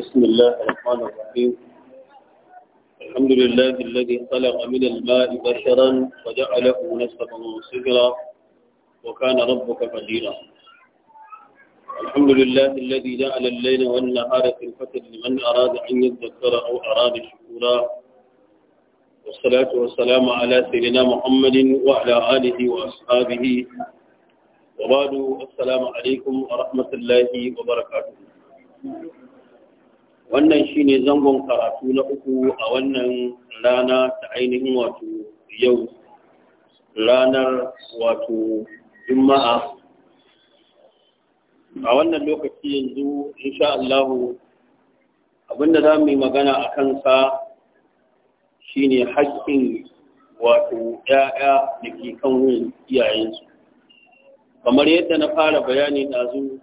بسم الله الرحمن الرحيم الحمد لله الذي خلق من الماء بشرا وجعله نسبا وصفرا وكان ربك قديرا الحمد لله الذي جعل الليل والنهار خلفة لمن أراد أن يذكر أو أراد شكورا والصلاة والسلام على سيدنا محمد وعلى آله وأصحابه وبعد السلام عليكم ورحمة الله وبركاته wannan shi ne zangon karatu na uku a wannan rana ta ainihin wato yau ranar wato juma'a a wannan lokaci yanzu insha Allah abinda za mu yi magana a kansa shi ne haƙƙin wato ‘ya'ya da ke kan wuyan iyayensu kamar yadda na fara bayani ɗazu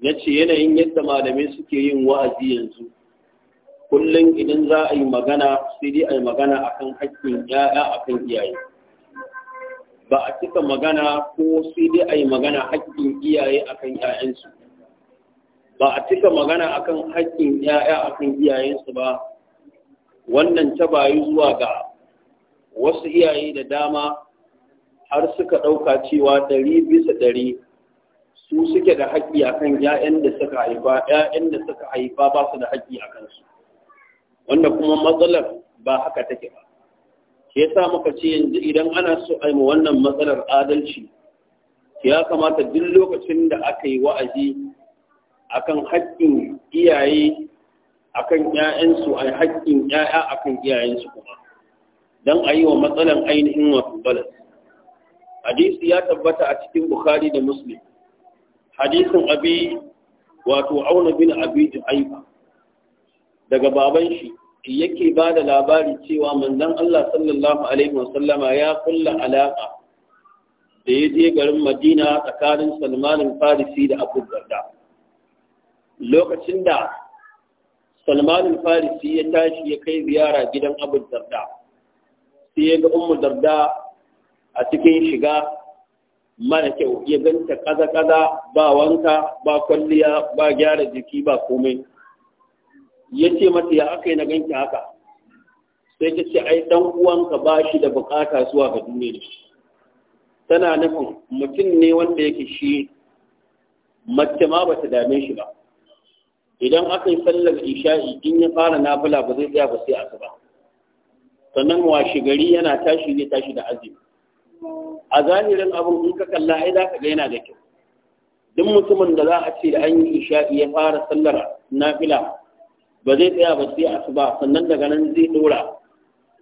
ya ce yanayin yadda malamai suke yin wa'azi yanzu kullum idan za a yi magana sai dai a yi magana a kan haƙƙin ‘ya'ya a kan iyaye ba a cika magana ko sai dai a yi magana haƙƙin iyaye a kan ‘ya'yansu ba a cika magana a kan haƙƙin ‘ya'ya a kan iyayensu ba wannan ta bayu zuwa ga wasu iyaye da dama har suka ɗauka cewa ɗari bisa ɗari su suke da haƙƙi akan yayan da suka haifa ‘ya’yan da suka haifa ba su da haƙƙi a kansu wanda kuma matsalar ba haka take ba Ke sa muka ce yanzu idan ana so a yi wannan matsalar adalci ya kamata duk lokacin da aka yi wa'azi akan haƙƙin iyaye akan 'ya'yansu a haƙƙin a akan iyayensu kuma don a yi wa matsalar ainihin wa balas hadisi ya tabbata a cikin bukhari da muslim hadisin abi wato auna bin abi ju'aiba daga baban shi yake ba da labari cewa manzon Allah sallallahu alaihi wasallama ya kulla alaka da ya je garin Madina tsakanin Salmanin Farisi da Abu Darda lokacin da Salmanin Farisi ya tashi ya kai ziyara gidan Abu Darda sai ya ga Ummu Darda a cikin shiga mara kyau ya ganta kaza-kaza ba wanka ba kwalliya ba gyara jiki ba komai ya ce mata ya aka yi na ganki haka sai ta ce ai dan uwanka ba shi da bukata zuwa ga duniya tana nufin mutum ne wanda yake shi mace ma ba ta dame shi ba idan aka yi sallar isha'i in ya fara nafila ba zai tsaya ba sai asuba sannan washe gari yana tashi ne tashi da azumi a zahirin abin in ka kalla ai za ka ga yana da kyau duk mutumin da za a ce da an yi isha'i ya fara sallar nafila ba zai tsaya ba sai asuba sannan daga nan zai dora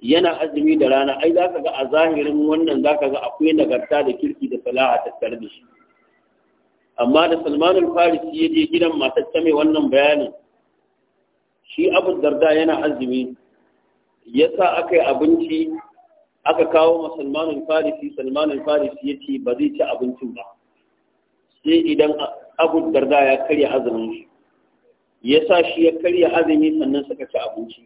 yana azumi da rana ai za ka ga a zahirin wannan za ka ga akwai nagarta da kirki da salaha tattare da shi amma da salmanul farisi ya je gidan matar ta mai wannan bayanin shi abu darda yana azumi ya sa aka yi abinci aka kawo ma salmanin farisi salmanin farisi ya ce ba zai ci abincin ba sai idan abu darda ya karya azumin shi ya sa shi ya karya azumi sannan suka ci abinci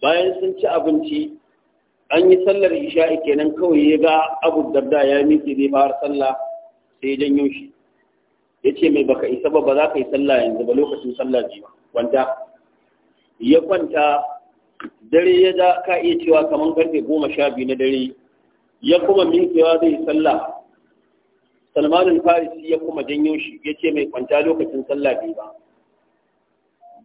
bayan sun ci abinci an yi sallar isha'i kenan kawai ya ga abu darda ya miƙe zai fara sallah sai ya janyo shi ya ce mai baka isa ba ba za ka yi sallah yanzu ba lokacin sallah ji wanda ya kwanta dare ya da ka iya cewa kamar karfe goma sha biyu na dare ya kuma minkewa zai sallah salmanin farisi ya kuma janyo shi ya ce mai kwanta lokacin sallah biyu ba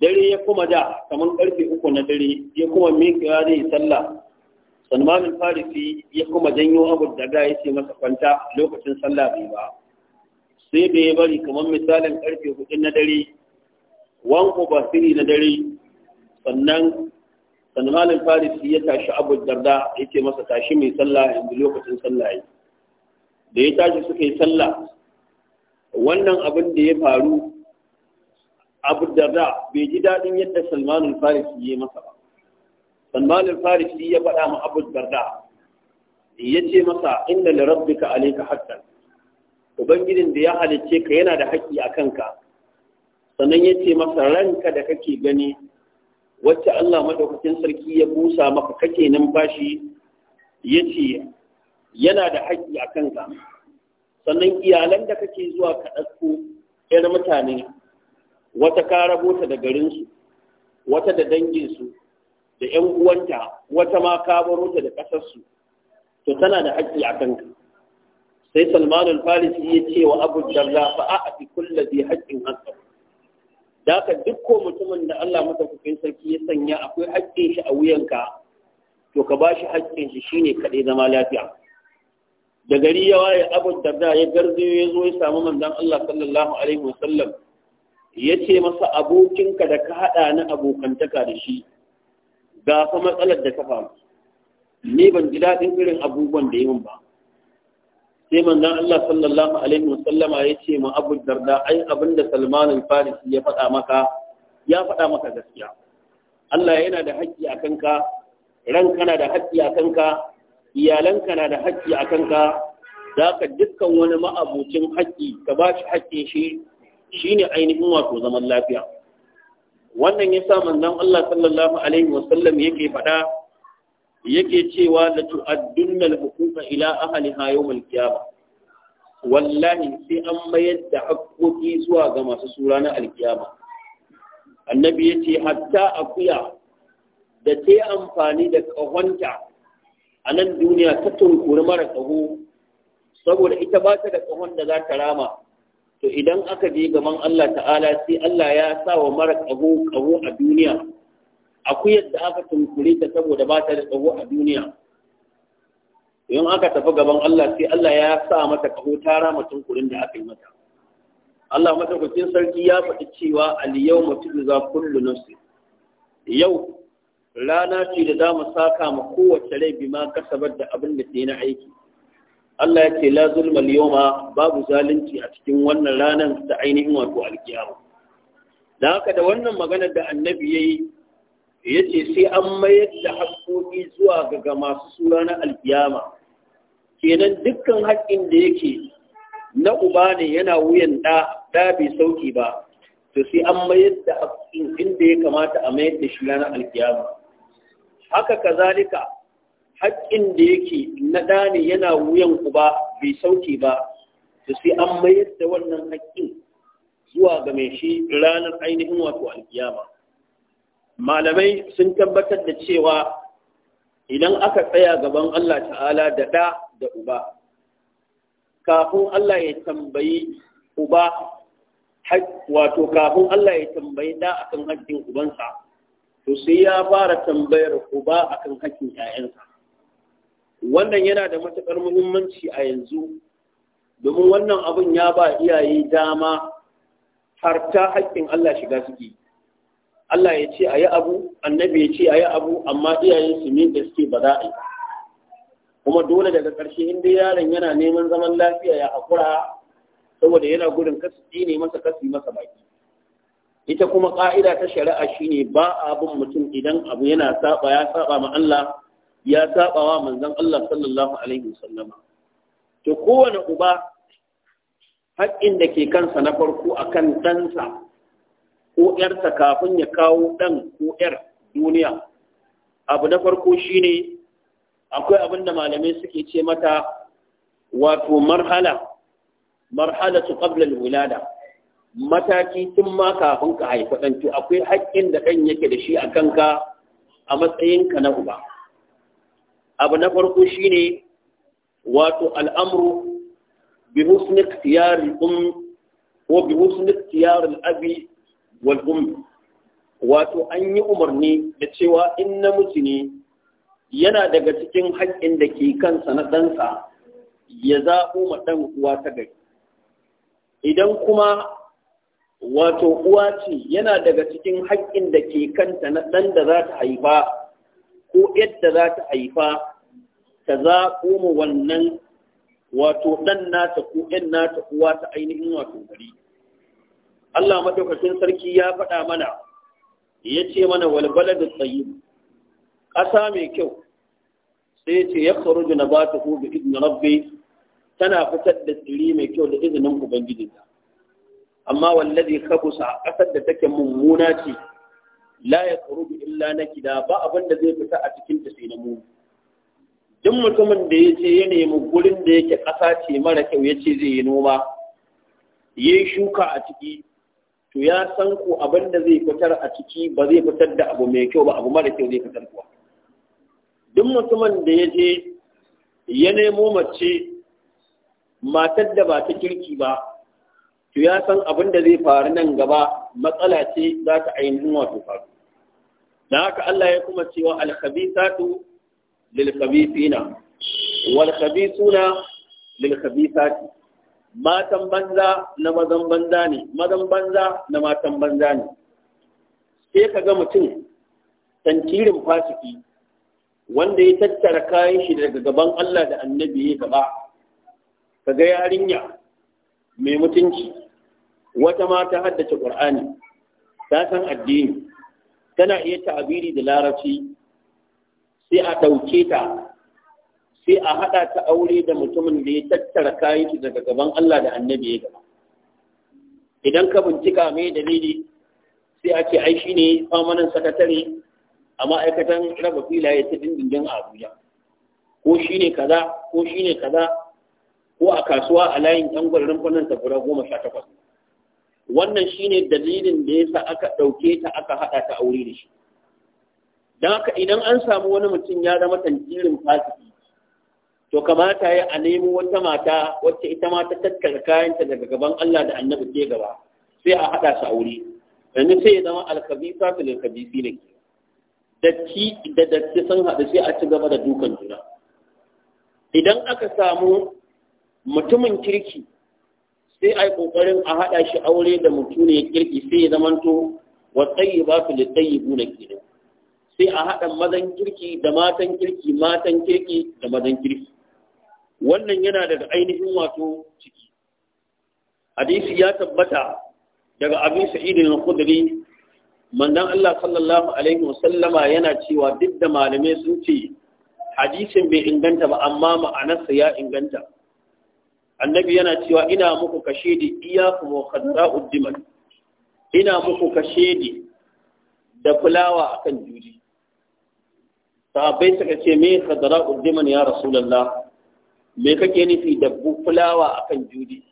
dare ya kuma da kamar karfe uku na dare ya kuma minkewa zai sallah salmanin farisi ya kuma janyo abu daga ya ce masa kwanta lokacin sallah biyu ba sai da ya bari kamar misalin karfe hudu na dare wanko ba siri na dare sannan salman Faris farisi ya tashi abu darda yake masa tashi mai sallah yanzu lokacin sallah yi da ya tashi suka yi sallah wannan abin da ya faru abu darda bai ji daɗin yadda salman Faris farisi ya masa ba salman farisi ya faɗa ma abu darda ya ce masa ka li rabbika alayka haqqan ubangijin da ya halicce ka yana da haƙƙi a kanka sannan ya ce masa ranka da kake gani wacce Allah madaukakin sarki ya busa maka kake numfashi ya ce yana da haƙƙi a kanka sannan iyalan da kake zuwa ka ɗauko ‘yar mutane wata ka rabota da garinsu wata da danginsu da ‘yan uwanta wata ma ka barota da ƙasarsu to tana da haƙƙi a kanka sai salman al-farisi ya ce wa abu darda fa fi kulli haƙƙin Daka duk ko mutumin da Allah madaukakin sarki ya sanya akwai haƙƙin shi a wuyanka to ka ba shi haƙƙin shi shine kaɗai zama lafiya da gari ya waye da za ya garzayo ya zo ya samu manzon Allah sallallahu alaihi wasallam ya ce masa abokinka da ka haɗa na abokantaka da shi ga fa matsalar da ka faru ni ban ji daɗin irin abubuwan da yi min ba sai manzon Allah sallallahu alaihi wasallama ya ce ma Abu Darda ai abinda Salman al-Farisi ya faɗa maka ya faɗa maka gaskiya Allah yana da haƙƙi a kanka ran na da haƙƙi a kanka iyalanka na da haƙƙi a kanka za ka dukkan wani ma'abucin haƙƙi ka ba shi haƙƙin shi shine ainihin wato zaman lafiya wannan ya sa manzon Allah sallallahu alaihi wasallam yake faɗa yake cewa da tu'addunna al ila ahliha hayo al-qiyamah wallahi sai an mayar da haƙƙoƙi zuwa ga masu sura na alkiyama annabi yace hatta akuya da ta yi amfani da ƙahonta a nan duniya ta tunkuri mara ƙaho saboda ita ba ta da ƙahon da za ta rama to idan aka je gaban Allah ta'ala sai Allah ya sa wa mara ƙaho ƙaho a duniya akuyar yadda aka tunkure ta saboda ba ta da tsawo a duniya in aka tafi gaban Allah sai Allah ya sa mata kaho tara mutum kurin da aka yi mata Allah madaukakin sarki ya faɗi cewa aliyau mutum za kullu nafsi yau rana ce da za mu saka ma kowace rai ma kasabar da abin da ke na aiki Allah ya ce la zulma babu zalunci a cikin wannan ranar da ainihin wato alkiyama da haka da wannan maganar da annabi ya yi. ya ce sai an mayar da haƙƙoƙi zuwa ga masu sura na alƙiyama, kenan dukkan haƙƙin da yake na uba ne yana wuyan ɗa ɗa bai sauki ba to sai an mayar da haƙƙin inda ya kamata a mayar da shi na alƙiyama. haka kazalika haƙƙin da yake na ɗa ne yana wuyan uba bai sauki ba to sai an mayar da wannan haƙƙin zuwa ga mai shi ranar ainihin wato alƙiyama. malamai sun tabbatar da cewa idan aka tsaya gaban Allah ta'ala da ɗa da uba kafin Allah ya tambayi uba wato kafin Allah ya tambayi ɗa akan haƙƙin ubansa to sai ya fara tambayar uba akan haƙƙin 'ya'yansa wannan yana da matuƙar muhimmanci a yanzu domin wannan abin ya ba iyaye dama har ta haƙƙin Allah shiga suke Allah ya ce a yi abu annabi ya ce a yi abu amma iyayen su ne da suke ba za yi kuma dole daga ƙarshe inda yaron yana neman zaman lafiya ya haƙura saboda yana gudun kasu ne masa kasu masa baki ita kuma ƙa'ida ta shari'a shi ne ba bin mutum idan abu yana saba ya saba ma Allah ya saba wa manzon Allah sallallahu alaihi wasallama to kowane uba haƙƙin da ke kansa na farko akan ɗansa ko ‘yarsa kafin ya kawo ɗan ko ‘yar duniya abu na farko shi ne akwai abin da malamai suke ce mata wato marhala marhala su ƙablal wulada mataki tun ma kafin ka haifa ɗan akwai haƙƙin da ɗan yake da shi a kanka a matsayinka na uba abu na farko shi ne wato al'amru bi husni um, ko al-abi wal wato an yi umarni da cewa in namiji ne yana daga cikin haƙƙin da ke kansa na ɗansa ya zaɓo ma ɗan uwa ta gari idan kuma wato uwa ce yana daga cikin haƙƙin da ke kanta na ɗan da za ta haifa ko yadda za ta haifa ta zaɓo ma wannan wato ɗan nata ko ‘yan nata uwa ta ainihin wato gari Allah madaukakin sarki ya faɗa mana ya ce mana walbala da tsayi ƙasa mai kyau sai ce ya faru na ba ta bi izinin rabbi tana fitar da tsiri mai kyau da izinin ta amma wallazi kabusa ƙasar da take mummuna ce la ya faru illa na gida ba abin zai fita a cikin ta sai na mu duk mutumin da ya ce ya nemi gurin da yake ƙasa ce mara kyau ya ce zai yi noma ya yi shuka a ciki to ya san ku abin da zai fitar a ciki ba zai fitar da abu mai kyau ba abu mara kyau zai fitar kuwa duk mutumin da ya je ya nemo mace matar da ba ta kirki ba to ya san abin da zai faru nan gaba matsala ce za ta ainihin wato faru da haka Allah ya kuma cewa alkhabisatu lilkhabisina walkhabisuna lilkhabisati matan banza na mazan banza ne mazan banza na matan banza ne sai ka ga mutum tantirin fasiki wanda ya tattara kayan shi daga gaban Allah da annabi ya gaba ka ga yarinya mai mutunci wata mata ta haddace ƙur'ani ta san addini tana iya ta'abiri da larabci sai a ɗauke ta sai a haɗa ta aure da mutumin da ya tattara kayan daga gaban Allah da annabi ya gaba idan ka bincika mai dalili sai a ce ai ne famanin sakatare a ma'aikatan raba filaye ta dindindin a Abuja ko ne kaza ko ne kaza ko a kasuwa a layin ɗan gwarin fannin tafura goma sha takwas wannan shine dalilin da yasa aka ɗauke ta aka haɗa ta aure da shi don haka idan an samu wani mutum ya zama tantirin fasiki to kamata ya a nemi wata mata wacce ita ma ta tattara kayanta daga gaban Allah da annabi ke gaba sai a haɗa su aure yanzu sai ya zama alkabisa fil kabisi ne datti da datti sun haɗu sai a ci gaba da dukan juna idan aka samu mutumin kirki sai a yi ƙoƙarin a haɗa shi aure da mutum kirki sai ya zamanto wa tsayi ba su da tsayi guna kenan sai a haɗa mazan kirki da matan kirki matan kirki da mazan kirki wannan yana daga ainihin wato ciki hadisi ya tabbata daga abin sa'id na khudri mandan Allah sallallahu alaihi wasallama yana cewa duk da malamai sun ce hadisin bai inganta ba amma ma'anarsa ya inganta annabi yana cewa ina muku da iyakum wa khadra'ud dimal ina muku kashe da fulawa kan juri sahabbai suka ce me khadra'ud dimal ya rasulullah me kake nufi da fulawa akan judi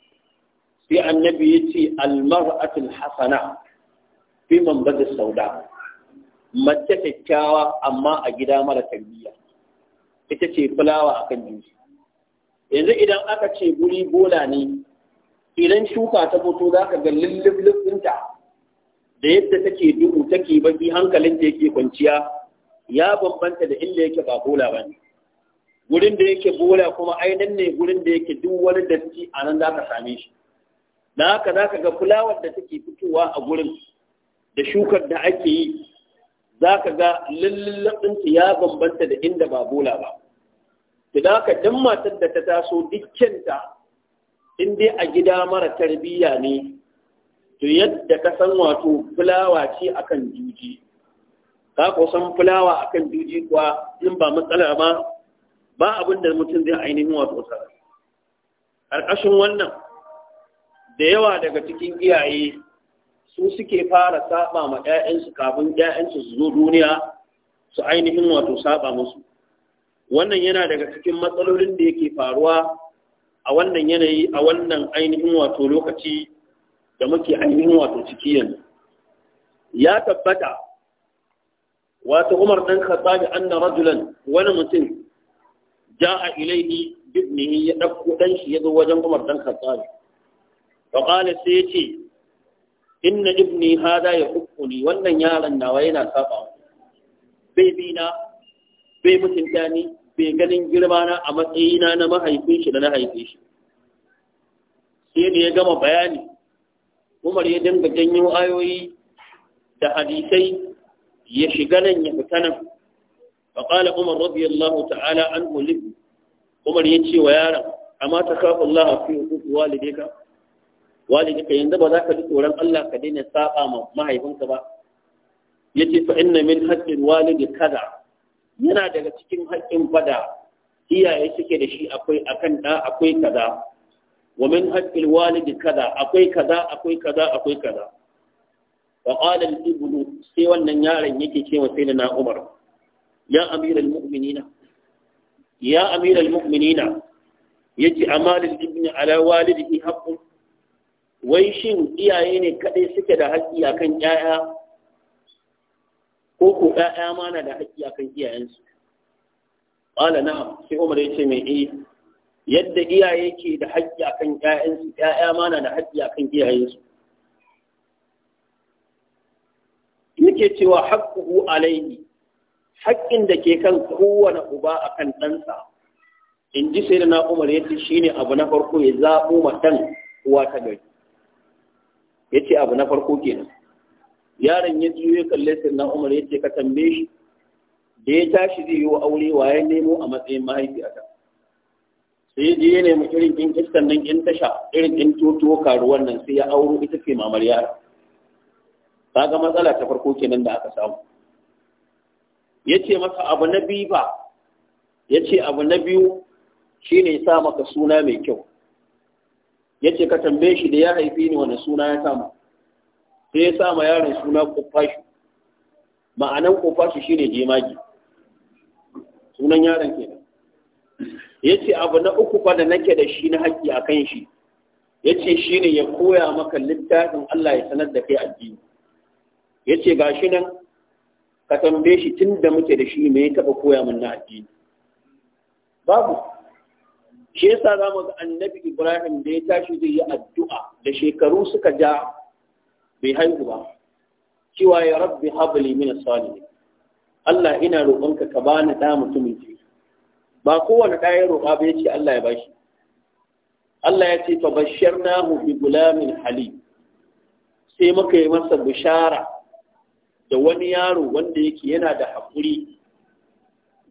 sai annabi ya ce almar'atul hasana fi bada sauda mace kyakkyawa amma a gida mara tarbiyya ita ce fulawa akan judi yanzu idan aka ce guri bola ne idan shuka ta fito za ka ga lullub da yadda take duhu take baki hankalin da yake kwanciya ya bambanta da inda yake ba bola ba ne gurin da yake bola kuma ainihin ne gurin da yake duk wani datti a nan za ka same shi da haka za ka ga fulawar da take fitowa a gurin da shukar da ake yi za ka ga lallabinta ya bambanta da inda ba bola ba ta da haka dan matar da ta taso dukkanta in a gida mara tarbiyya ne to yadda ka san wato fulawa ce akan juji ka kusan fulawa akan juji kuwa in ba matsala ba ba abin da mutum zai ainihin wato tsara ƙarƙashin wannan da yawa daga cikin iyaye su suke fara saba ma 'ya'yansu kafin 'ya'yansu su zo duniya su ainihin wato saba musu wannan yana daga cikin matsalolin da yake faruwa a wannan yanayi a wannan ainihin wato lokaci da muke ainihin wato ciki yanzu ya tabbata wato umar dan khattabi anna rajulan wani mutum ja'a ilaihi bibnihi ya dauko dan shi yazo wajen Umar dan Khattab wa qala sai yace inna ibni hada ya hukuni wannan yaron nawa yana saba bai bi na bai mutunta ni bai ganin girma na a matsayina na mahaifin shi da na haife shi sai da ya gama bayani Umar ya dinga janyo ayoyi da hadisai ya shiga nan ya fita nan فقال عمر رضي الله تعالى عنه لابن عمر ka. ويارا أما تخاف الله في حقوق والديك والديك يندب ذاك لتوران الله كدين ساقا ما هيفنك با يتي فإن من حق الوالد كذا yana daga cikin haƙƙin fada iyaye suke da shi akwai akan da akwai kaza wa min haqqil walidi kaza akwai kaza akwai kaza akwai kaza wa qala al-ibnu sai wannan yaron yake cewa sai na Umar ya amiral mu'minina ya amiral mu'minina yace amalin ibni ala walidihi haqqun wai shin iyaye ne kadai suke da haƙƙi akan 'ya'ya? ko ko ƴaƴa ma na da haƙƙi akan iyayensu qala na'am sai Umar yace mai eh yadda iyaye ke da haƙƙi akan 'ya'yansu, 'ya'ya ma na da haƙƙi akan iyayensu yake cewa haqquhu alayhi haƙƙin da ke kan kowane uba a kan ɗansa in ji sai da na umar ya ce shi ne abu na farko ya zaɓo ma ɗan uwa ta gari ya ce abu na farko kenan yaron ya juyo kalle sai na umar ya ce ka tambaye shi da ya tashi zai yi wa aure wa ya nemo a matsayin mahaifiyata sai je ya nemi irin 'yan iskan nan ƴan tasha irin in totuwa karuwan nan sai ya auro ita ce mamar yara ga matsala ta farko kenan da aka samu ya ce masa abu na biyu ba ya ce abu na biyu shi ne sa maka suna mai kyau ya ce ka tambaye shi da ya haifi ni wani suna ya sama sai ya sama yaron suna kufashi ma'anan kufashi shi ne jemagi sunan yaron ke ya ce abu na uku fa da nake da shi na haƙƙi a kan shi ya ce shi ne ya koya maka littafin Allah ya sanar da kai addini ya ce ga shi nan ka tambaye shi tun da muke da shi me ya taɓa koya min na addini babu shi yasa za mu ga annabi ibrahim da ya tashi zai yi addu'a da shekaru suka ja bai haihu ba cewa ya rabbi habli min salihin Allah ina roƙonka ka bani da mutumin ji ba kowane ɗaya ya roƙa ba ya ce Allah ya bashi Allah ya ce fa bashirnahu bi gulamin halim sai muka yi masa bishara da wani yaro wanda yake yana da haƙuri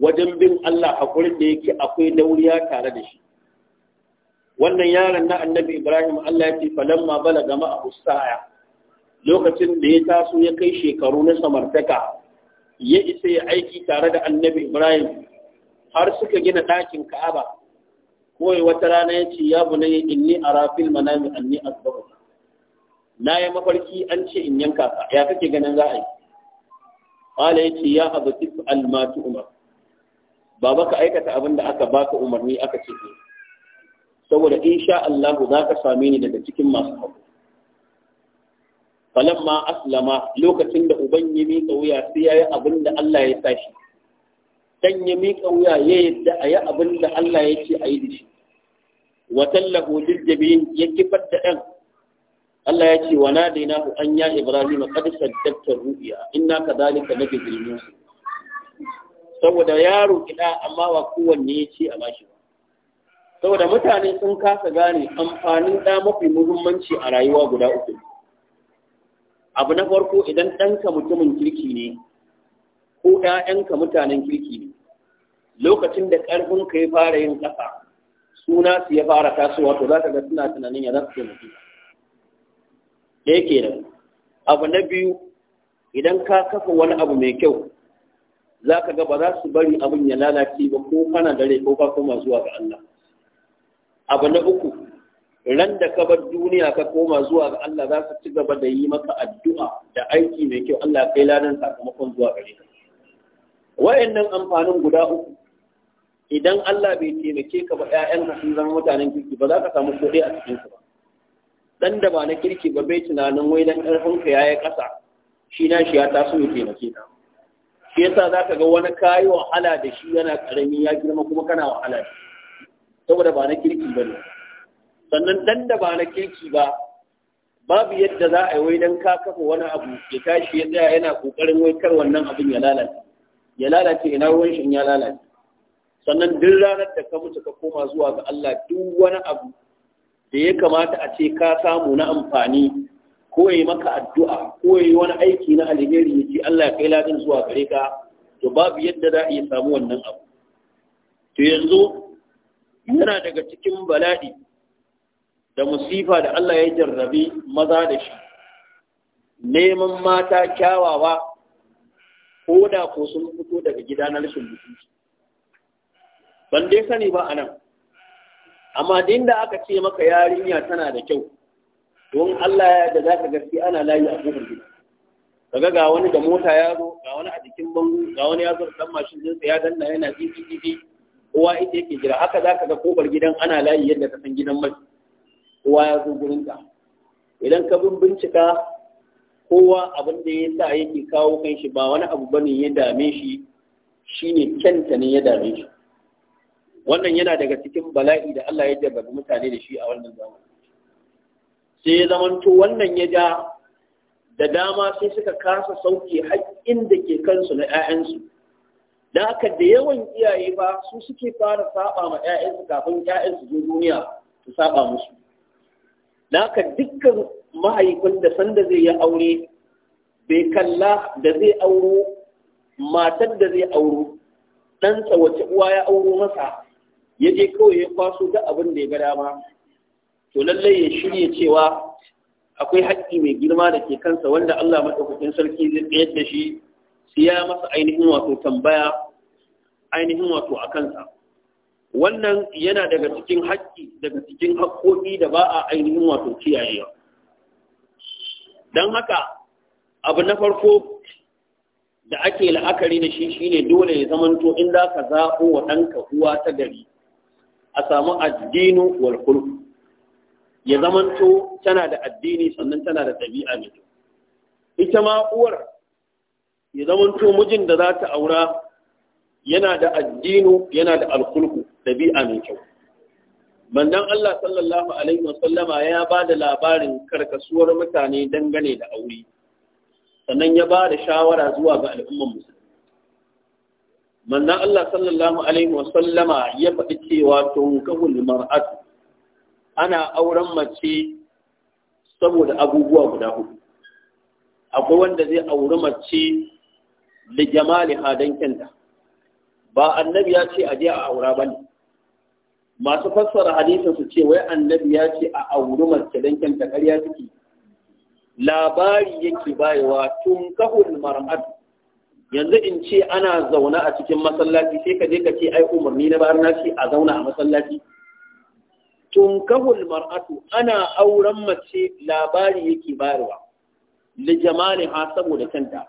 wajen bin Allah haƙurin da yake akwai dauriya tare da shi wannan yaron na annabi ibrahim Allah ya ce falamma balaga a ustaya lokacin da ya taso ya kai shekaru na samartaka ya isa ya aiki tare da annabi ibrahim har suka gina ɗakin ka'aba kawai wata rana ya ce ya bune inni a rafil manami anni asbahu na yi mafarki an ce in yanka ya kake ganin za a yi qala yace ya abu tif'al ma tu'mar baba ka aikata abin da aka baka umarni aka ce saboda insha Allah za ka same ni daga cikin masu haƙu falamma aslama lokacin da uban ya miƙa wuya sai yayi abin da Allah ya sashi. dan ya miƙa wuya ya yadda a yi abin da Allah ya ce a yi da shi wa tallahu lil jabin ya kifar da ɗan Allah ya ce wa na nadainahu an ya Ibrahim qad saddaqta ka inna kadhalika nabiyil musa saboda yaro kida amma wa kowanne ya ce a bashi saboda mutane sun kasa gane amfanin da mafi muhimmanci a rayuwa guda uku abu na farko idan ɗanka mutumin kirki ne ko ‘ya'yanka mutanen kirki ne lokacin da ƙarfin ka ya fara yin ƙasa suna su ya fara tasowa to za ka ga suna tunanin ya za su da yake nan abu na biyu idan ka kafa wani abu mai kyau za ka ga ba za su bari abin ya lalace ba ko kana da rai ko ka koma zuwa ga Allah abu na uku ran da ka bar duniya ka koma zuwa ga Allah za su ci gaba da yi maka addu'a da aiki mai kyau Allah kai ladan sakamakon zuwa gare ka wayannan amfanin guda uku idan Allah bai taimake ka ba ƴaƴan ka sun mutanen kirki ba za ka samu kuɗi a cikin ba dan da ba na kirki ba bai tunanin wai dan ƙarfin ka yayi ƙasa, shi na shi ya taso ya taimake ka shi yasa zaka ga wani kayi wahala da shi yana karami ya girma kuma kana wahala da saboda ba na kirki ba ne sannan dan da ba na kirki ba babu yadda za a yi wai dan ka kafa wani abu ya tashi ya tsaya yana ƙoƙarin wai kar wannan abin ya lalace ya lalace ina ruwan shi ya lalace sannan duk ranar da ka mutu ka koma zuwa ga Allah duk wani abu da ya kamata a ce ka samu na amfani ko yi maka addu'a ko yi wani aiki na alheri ya ce Allah ya kai ladin zuwa gare ka to babu yadda za a iya samu wannan abu to yanzu yana daga cikin bala'i da musifa da Allah ya jarrabi maza da shi neman mata kyawawa ko da ko sun fito daga gida na rashin mutunci ban dai sani ba a nan. amma din da aka ce maka yarinya tana da kyau don Allah ya da zaka gaske ana layi a kofar gida kaga ga wani da mota ya zo ga wani a jikin bango ga wani ya zo da mashin din ya danna yana titi kowa ita yake jira haka zaka ga kofar gidan ana layi yadda ka san gidan mai kowa ya zo gurin ka idan ka bin bincika kowa abin da ya sa yake kawo kanshi ba wani abu bane ya dame shi shine kyanta ne ya dame shi wannan yana daga cikin bala'i da Allah ya jarrabi mutane da shi a wannan zamani sai ya zamanto wannan ya ja da dama sai suka kasa sauke haƙƙin da ke kansu na 'ya'yansu da haka da yawan iyaye ba su suke fara saba ma 'ya'yansu kafin 'ya'yansu zo duniya su saba musu da haka dukkan mahaifin da sanda zai yi aure bai kalla da zai auro matar da zai auro ɗansa wace uwa ya auro masa ya je kawai ya kwaso da abin da ya ga dama to lallai ya shirya cewa akwai haƙƙi mai girma da ke kansa wanda Allah maɗaukakin sarki zai tsayar da shi ya masa ainihin wato tambaya ainihin wato a kansa wannan yana daga cikin haƙƙi daga cikin haƙƙoƙi da ba a ainihin wato kiyayewa don haka abu na farko da ake la'akari da shi shine dole ya zamanto in za ka zaɓo wa ɗanka uwa ta gari a samu addinu wal khulq ya zamanto tana da addini sannan tana da ɗabi'a mai kyau ita ma uwar ya zamanto mijin da za ta aura yana da addinu yana da alkulku ɗabi'a mai kyau bandan Allah sallallahu alaihi wasallama ya ba da labarin karkasuwar mutane dangane da aure sannan ya ba da shawara zuwa ga al'ummar musulmi manzan Allah sallallahu alaihi wasallama ya faɗi cewa tunkahul mar'at ana auren mace saboda abubuwa guda hudu akwai wanda zai auri mace da jamali hadan ba annabi ya ce a je a aura ba ne masu fassara hadisin su ce wai annabi ya ce a auri mace dan kyanta ƙarya take labari yake bayewa tun kahul mar'atu yanzu in ce ana zauna a cikin masallaci sai ka je ka ce ai umarni na bayar nashi a zauna a masallaci kahul mar'atu ana auren mace labari yake bayarwa li ha saboda kanta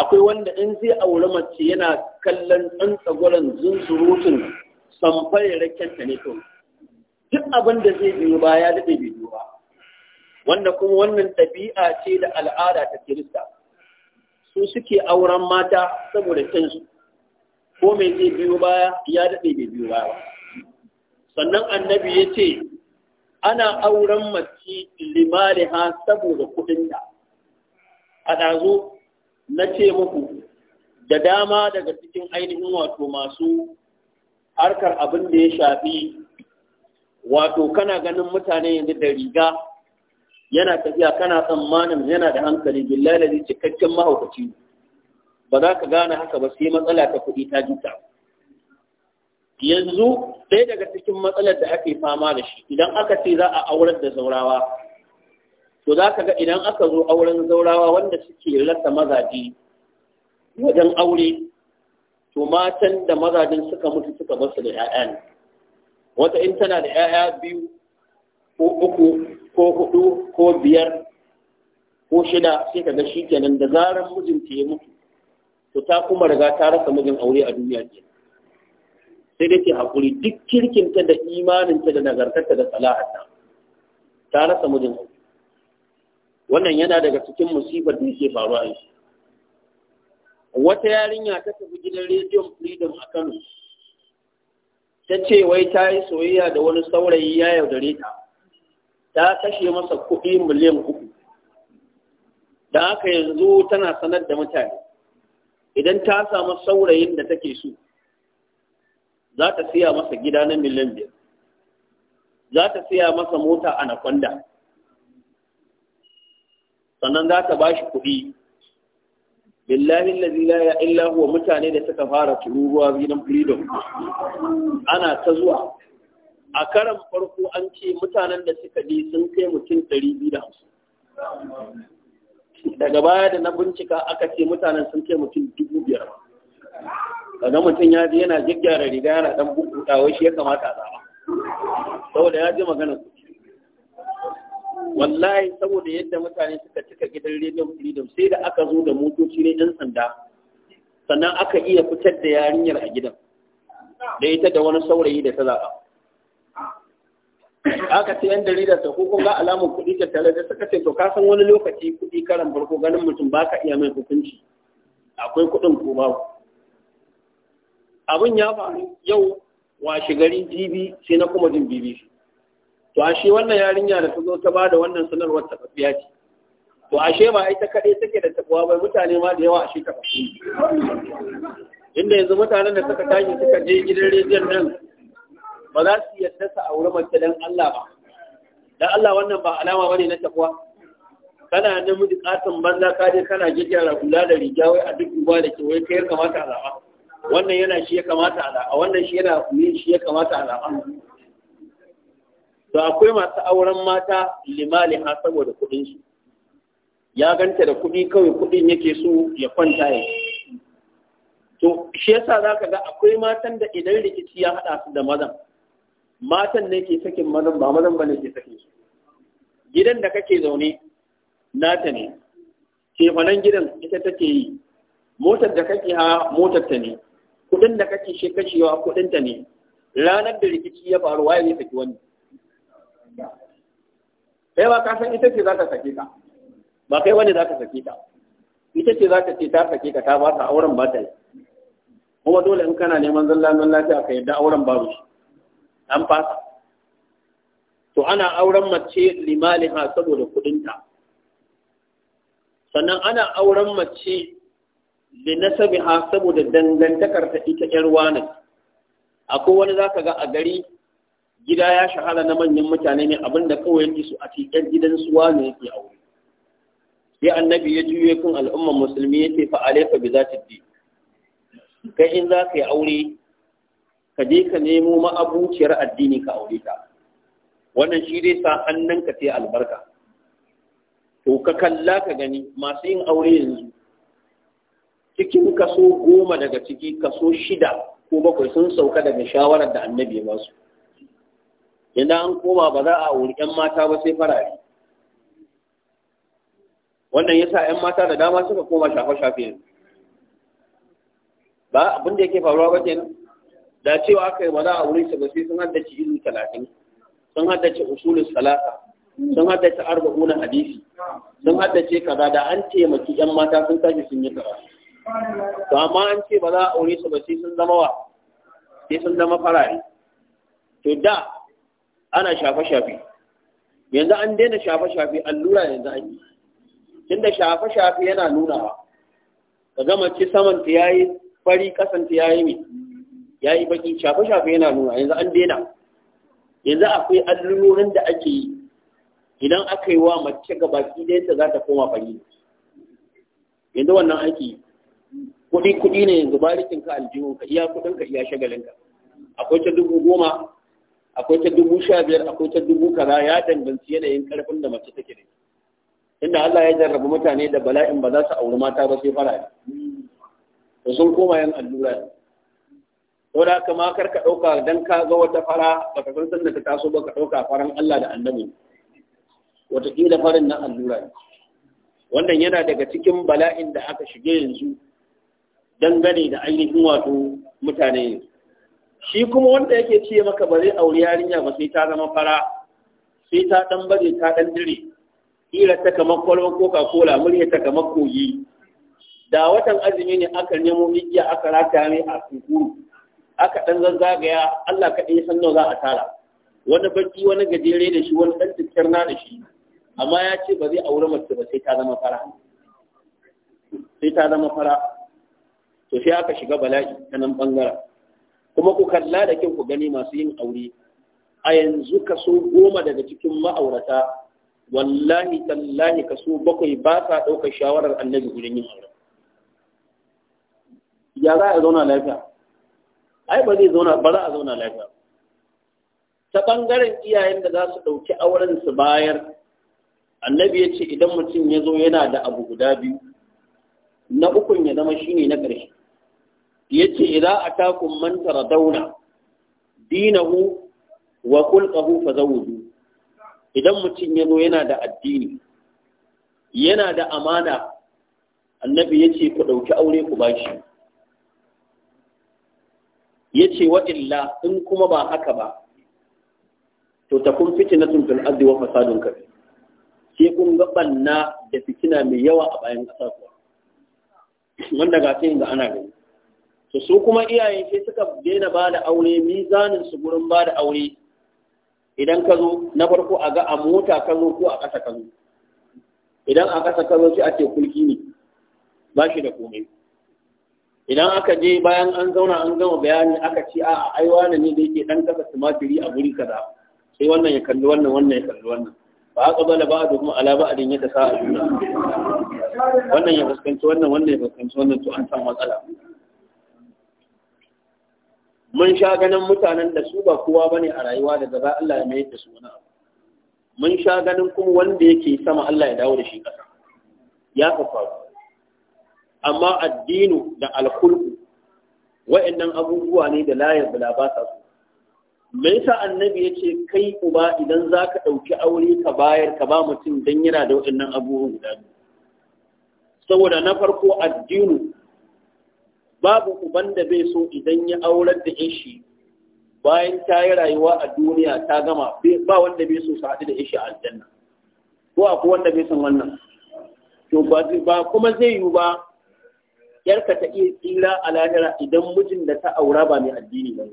akwai wanda in zai aure mace yana kallon tsantsa tsagoran zunzurutun samfare rakenta ne to duk abin da zai biyo baya, ya daɗe biyo ba wanda kuma wannan ɗabi'a ce da al'ada ta kirista su suke auren mata saboda kinsu ko mai zai biyo baya ya daɗe bai biyo baya sannan annabi ya ce ana auren mace ha saboda kudin kuɗinta a ɗazu na ce muku da dama daga cikin ainihin wato masu harkar abin da ya shafi wato kana ganin mutane yanzu da riga yana tafiya kana tsammanin yana da hankali billahi da cikakken mahaukaci ba za ka gane haka ba sai matsala ta kuɗi ta jita yanzu ɗaya daga cikin matsalar da ake fama da shi idan aka ce za a aurar da zaurawa to za ka ga idan aka zo auren zaurawa wanda suke rasa mazaje wajen aure to matan da mazajen suka mutu suka basu da 'ya'yan. ne wata in tana da 'ya'ya biyu ko uku ko hudu ko biyar ko shida sai ka ga shi kenan da zarar mijinta ya mutu to ta kuma riga ta rasa mijin aure a duniya ke sai dai ke haƙuri duk kirkinta da imaninta da nagartarta da salahata ta rasa mijin aure wannan yana daga cikin musibar da yake faruwa a wata yarinya ta tafi gidan rediyon freedom a kano ta ce wai ta yi soyayya da wani saurayi ya yaudare ta ta kashe masa kuɗi miliyan uku da aka yanzu tana sanar da mutane idan ta samu saurayin da take so za ta siya masa gida na miliyan biyar za ta siya masa mota a nakwanda sannan za ta ba shi kuɗi billahi lazi la ya illa wa mutane da suka fara tururuwa zinan freedom ana ta zuwa a karan farko an ce mutanen da suka ne sun kai mutum 250 daga baya da na bincika aka ce mutanen sun kai mutum biyar. kaga mutum ya je yana gyaggyara riga yana dan bukudawa shi ya kamata a zama saboda ya ji magana wallahi saboda yadda mutane suka cika gidan rediyon freedom sai da aka zo da motoci ne ɗan sanda sannan aka iya fitar da yarinyar a gidan da ita da wani saurayi da ta zaɓa aka ce yan jaridar ta kun ga alamun kuɗi ta tare da suka ce to ka san wani lokaci kuɗi karan farko ganin mutum ba ka iya mai hukunci akwai kuɗin ko ba abin ya faru yau washe gari jibi sai na kuma jin bbc to ashe wannan yarinya da ta zo ta bada wannan sanarwar tafafiya ce to ashe ba ita kaɗai take da tabuwa bai mutane ma da yawa ashe tafafi inda yanzu mutanen da suka tashi suka je gidan rediyon nan ba za su yadda su auri mace don Allah ba Don Allah wannan ba alama ne na takwa kana namiji katon banza ka je kana gyara kula da rigawai a duk duba da ke wai kai kamata a zaba wannan yana shi ya kamata a zaba wannan shi yana yin shi ya kamata a zaba to akwai masu auren mata limali ha saboda kuɗin su ya ganta da kuɗi kawai kuɗin yake so ya kwanta ya to shi yasa ka ga akwai matan da idan rikici ya haɗa su da mazan matan ne ke sakin mazan ba mazan bane ke sakin su gidan da kake zaune nata ne kefanan gidan ita take yi motar da kake ha motar ta ne kudin da kake she kashewa kudin ta ne ranar da rikici ya faru waye ne saki wani kai ba ka san ita ce za ta sake ka ba kai wani za ka sake ka ita ce za ta ce ta sake ka ta ba ta auren ba ta yi kuma dole in kana neman zalla lafiya ka yadda auren babu shi an fasa to ana auren mace limaliha saboda kudinta sannan ana auren mace da nasabiha saboda dangantakar ita yar wani akwai wani zaka ga a gari gida ya shahara na manyan mutane ne abinda kawai yake su a cikin gidan su wani yake aure sai annabi ya juye kan al'ummar musulmi ya yake fa alayka bi zati kai in za ka yi aure ka je ka nemo ma'abuciyar addini ka aure ta wannan shi dai sa hannun ka ce albarka to ka kalla ka gani masu yin aure yanzu cikin kaso goma daga ciki kaso shida ko bakwai sun sauka daga shawarar da annabi ya basu idan an koma ba za a wuri 'yan mata ba sai farare wannan yasa 'yan mata da dama suka koma shafe-shafe ba abin da yake faruwa ba kenan da cewa aka yi ba za a wurin ba sai sun haddace ilmi talatin sun haddace usulun salasa sun haddace arba'una hadisi sun haddace kaza da an taimaki yan mata sun tashi sun yi kaza to amma an ce ba za a aure su ba sai sun zama wa sai sun zama farare to da ana shafe shafe yanzu an daina shafe shafe allura yanzu an yi tunda shafe shafe yana nunawa ka gama ci saman ta yayi fari kasan ta yayi mai ya yi baki shafe-shafe yana nuna yanzu an daina yanzu akwai allurorin da ake yi idan aka yi wa mace ga baki ɗayanta za ta koma fari yanzu wannan aiki kuɗi kuɗi ne yanzu barikin ka aljihun ka iya kuɗin ka iya shagalin ka akwai ta dubu goma akwai ta dubu sha biyar akwai ta dubu kaza ya danganci yanayin karfin da mace take da inda Allah ya jarrabu mutane da bala'in ba za su auri mata ba sai fara to sun koma yin allura ko da kama kar ka ɗauka don ka ga wata fara baka san sanda ta taso ba ka ɗauka faran Allah da annabi wataƙila farin na allura ne wannan yana daga cikin bala'in da aka shige yanzu dangane da ainihin wato mutane shi kuma wanda yake ce maka ba zai auri yarinya ba sai ta zama fara sai ta ɗan bare ta ɗan dire ƙira ta kamar kwalwar coca cola murya ta kamar kogi da watan azumi ne aka nemo igiya aka rata ne a kunkuru aka ɗan zazzagaya Allah kaɗai san nawa za a tara wani baki wani gajere da shi wani ɗan na da shi amma ya ce ba zai aure mace ba sai ta zama fara sai ta zama fara to sai aka shiga bala'i ta nan ɓangaren. kuma ku kalla da kyau ku gani masu yin aure a yanzu kaso goma daga cikin ma'aurata wallahi tallahi kaso bakwai ba sa ɗaukar shawarar annabi wurin yin aure ya za a zauna lafiya ai ba zai zauna ba za a zauna lafiya ta bangaren iyayen da za su ɗauki auren su bayar annabi ya ce idan mutum ya zo yana da abu guda biyu na ukun ya zama shine na ƙarshe ya ce idan a takun mantara dauna dinahu wa kulqahu fa zawudu idan mutum ya zo yana da addini yana da amana annabi ya ce ku ɗauki aure ku bashi ya ce wa illa in kuma ba haka ba to ta kun fitina tun fil ardi wa fasadun kabi sai kun ga banna da fitina mai yawa a bayan kasa kuwa wanda ga sai ga ana gani to su kuma iyaye sai suka daina ba da aure mizanin su gurin ba da aure idan ka zo na farko a ga a mota ka zo ko a ƙasa ka zo idan a kasa ka zo sai a ce kulki ne ba shi da komai idan aka je bayan an zauna an gama bayani aka ci a aiwa wani ne da yake dan kasa tumatiri a guri kaza sai wannan ya kalli wannan wannan ya kalli wannan ba a bala ba da kuma ala ba adin ya ta sa a juna wannan ya fuskanci wannan wannan ya fuskanci wannan to an san matsala mun sha ganin mutanen da su ba kowa bane a rayuwa da gaba Allah ya mai da su wani abu mun sha ganin kuma wanda yake sama Allah ya dawo da shi kasa ya ka faru amma addinu da alkulku wa'annan abubuwa ne da layar da ba su me yasa annabi ya ce kai uba idan za ka ɗauki aure ka bayar ka ba mutum don yana da waɗannan abubuwan guda biyu saboda na farko addinu babu uban da bai so idan ya aurar da ishi bayan ta yi rayuwa a duniya ta gama ba wanda bai so su haɗu da ishi a aljanna ko akwai wanda bai san wannan to ba kuma zai yiwu ba yarka ta iya tsira a lahira idan mijin da ta aura ba mai addini ba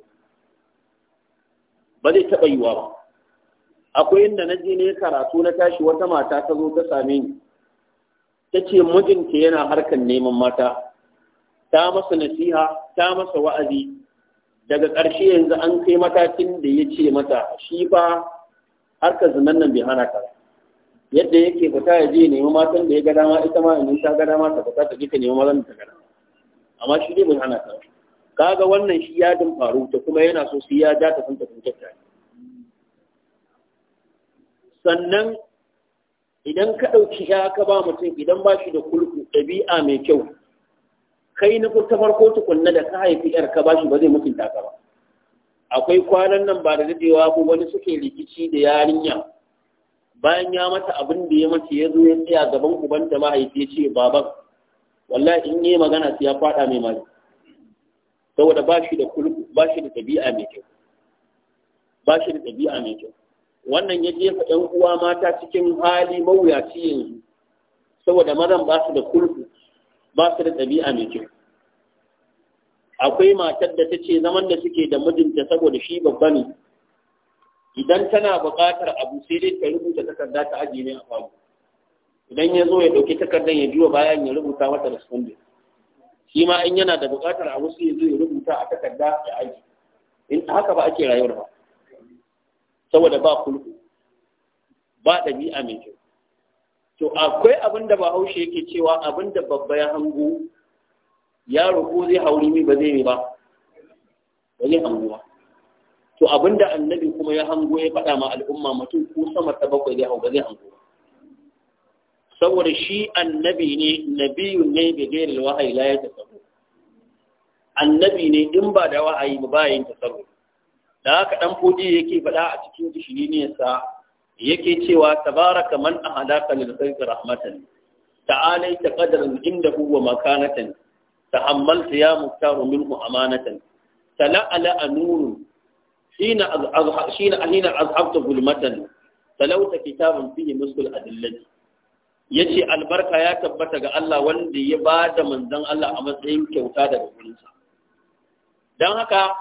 ba zai taɓa yiwa ba akwai inda na je ne karatu na tashi wata mata ta zo ta same ni ta ce mijinta yana harkar neman mata ta masa nasiha ta masa wa'azi daga ƙarshe yanzu an kai matakin da ya ce mata shi fa harkar zinan nan bai hana ka yadda yake fita ya je neman matan da ya ga dama ita ma in ta ga dama ta fita ta je ta nemi mazan da ta ga dama amma shi ne mun hana ta kaga wannan shi ya din faru ta kuma yana so sai ya ja ta san ta ta sannan idan ka ɗauki ya ka ba mutum idan ba shi da kulku ɗabi'a mai kyau kai na ta farko tukunna da ka haifi yar ka ba shi ba zai mutunta ka ba akwai kwanan nan ba da dadewa ko wani suke rikici da yarinya bayan ya mata abin da ya mace ya zo ya tsaya gaban uban da mahaifi ya ce baban wallahi in yi magana sai ya fada mai mai saboda ba shi da kulku ba shi da tabi'a mai kyau ba shi da tabi'a mai kyau wannan ya jefa ɗan uwa mata cikin hali mawuyaci yanzu saboda mazan ba su da kulku ba su da tabi'a mai kyau akwai matar da ta ce zaman da suke da mijinta saboda shi babba ne idan tana buƙatar abu sai dai ta rubuta takarda ta ajiye ne a faru idan ya zo ya ɗauki takardar ya biyo bayan ya rubuta mata respondent shi ma in yana da buƙatar a wasu ya zo ya rubuta a takarda ya aiki in haka ba ake rayuwar ba saboda ba kulku ba ɗabi'a mai kyau to akwai abin da bahaushe yake cewa abin da babba ya hango yaro ko zai hauri mi ba zai ne ba ba zai hango ba to abin da annabi kuma ya hango ya faɗa ma al'umma mutum ko sama ta bakwai zai hau ba zai hango ba saboda shi annabi ne nabiyun ne bi wahayi la ya tasarru annabi ne in ba da wahayi ba ta tasarru da haka dan fodi yake faɗa a cikin kishiriniyarsa yake cewa tabaraka man ahadaka lil khayri rahmatan ta'alai ta qadaran indahu wa makanatan tahammalta ya muktaru minhu amanatan tala'ala anuru hina azhabta gulmatan talauta kitabun fihi muskul adillati ya ce albarka ya tabbata ga Allah wanda ya ba da manzan Allah a matsayin kyauta daga wurinsa. don haka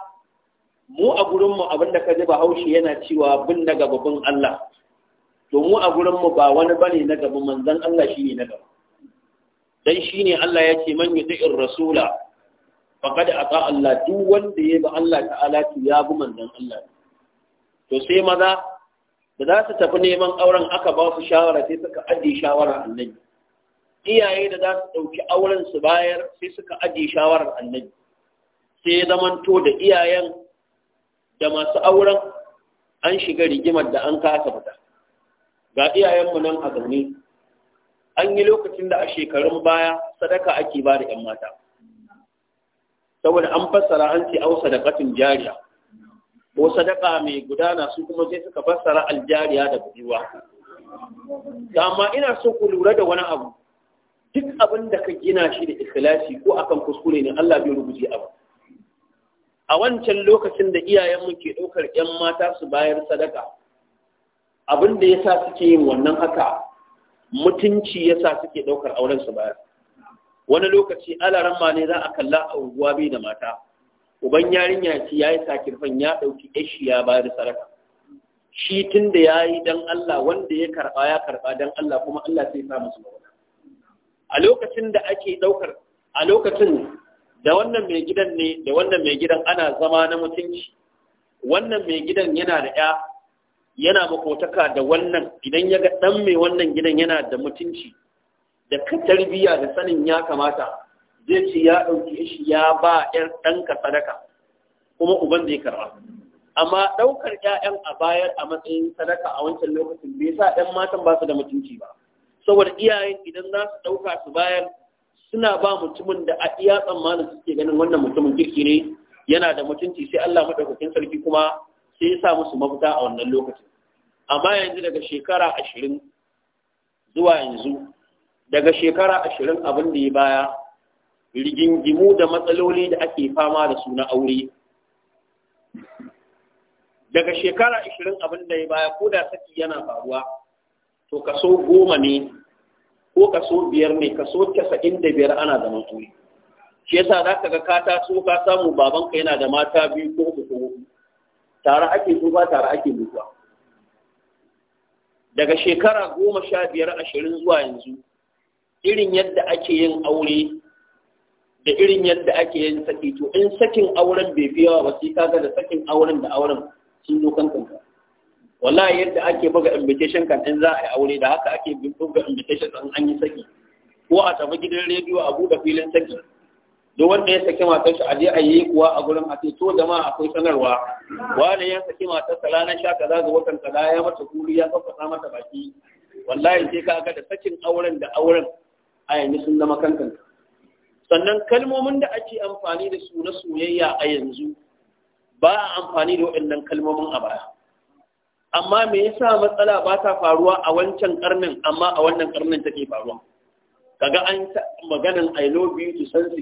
mu a gurinmu abinda ka ji bahaushe yana cewa bin na gababin Allah to mu a gurinmu ba wani bane na gaba manzan Allah shi ne na gaba Don shi ne Allah ya ce man yuti'ir rasula da aka Allah duk wanda ya ba Allah ta'ala ta ya bi manzan Allah to sai maza da za su tafi neman auren aka ba su shawara sai suka ajiye shawarar annabi iyaye da za su ɗauki auren su bayar sai suka ajiye shawarar annabi sai ya zamanto da iyayen da masu auren an shiga rigimar da an kasa fita ga iyayenmu nan a zaune an yi lokacin da a shekarun baya sadaka ake ba da 'yan mata saboda an fassara an ce au katin jariya ko sadaka mai gudana su kuma sai suka fassara aljariya da budurwa amma ina so ku lura da wani abu duk abin da ka gina shi da ikhlasi ko akan kuskure ne Allah bai rubuce abu a wancan lokacin da iyayenmu ke ɗaukar 'yan mata su bayar sadaka abin da ya suke yin wannan haka mutunci yasa suke ɗaukar auren su bayar wani lokaci alaran ma ne za a kalla a unguwa bai da mata uban yarinya ce ya yi sakirfan ya ɗauki yashi ya bayar sadaka shi tun da ya yi don Allah wanda ya karɓa ya karɓa don Allah kuma Allah sai sa musu mawana a lokacin da ake ɗaukar a lokacin da wannan mai gidan ne da wannan mai gidan ana zama na mutunci wannan mai gidan yana da ya yana makotaka da wannan idan ya ga ɗan mai wannan gidan yana da mutunci da tarbiyya da sanin ya kamata zai ce ya ɗauke shi ya ba ‘yan ɗanka sadaka kuma uban zai karɓa. Amma ɗaukar ‘ya'yan a bayar a matsayin sadaka a wancan lokacin bai sa ‘yan matan ba su da mutunci ba. Saboda iyayen idan za su ɗauka su bayar suna ba mutumin da a iya tsammanin suke ganin wannan mutumin kirki yana da mutunci sai Allah maɗaukakin sarki kuma sai ya sa musu mafita a wannan lokacin. Amma yanzu daga shekara ashirin zuwa yanzu daga shekara ashirin abin da ya baya rigingimu da matsaloli da ake fama da su na aure daga shekara 20 abin da ya baya ko da saki yana faruwa to kaso goma ne ko kaso biyar ne kaso casa'in da biyar ana da aure shi yasa za ka ga ka taso ka samu babanka yana da mata biyu ko uku ko tare ake tsufa tare ake mutuwa daga shekara goma sha biyar ashirin zuwa yanzu irin yadda ake yin aure da irin yadda ake yin saki to in sakin auren bai fi yawa ba sai kaga da sakin auren da auren sun zo kan kanka wallahi yadda ake buga invitation kan in za a yi aure da haka ake buga invitation kan an yi saki ko a tafi gidan rediyo a buɗe filin saki duk wanda ya saki matar shi a je a yi kuwa a gurin a to jama'a akwai sanarwa wani ya saki matar sa ranar sha kaza ga watan kaza ya mata kuri ya faffasa mata baki wallahi sai kaga da sakin auren da auren a yanzu sun zama kankan sannan kalmomin da ake amfani da su na soyayya a yanzu ba a amfani da waɗannan kalmomin a baya amma me yasa matsala ba ta faruwa a wancan karnin amma a wannan karnin take faruwa kaga an maganan i love you to sense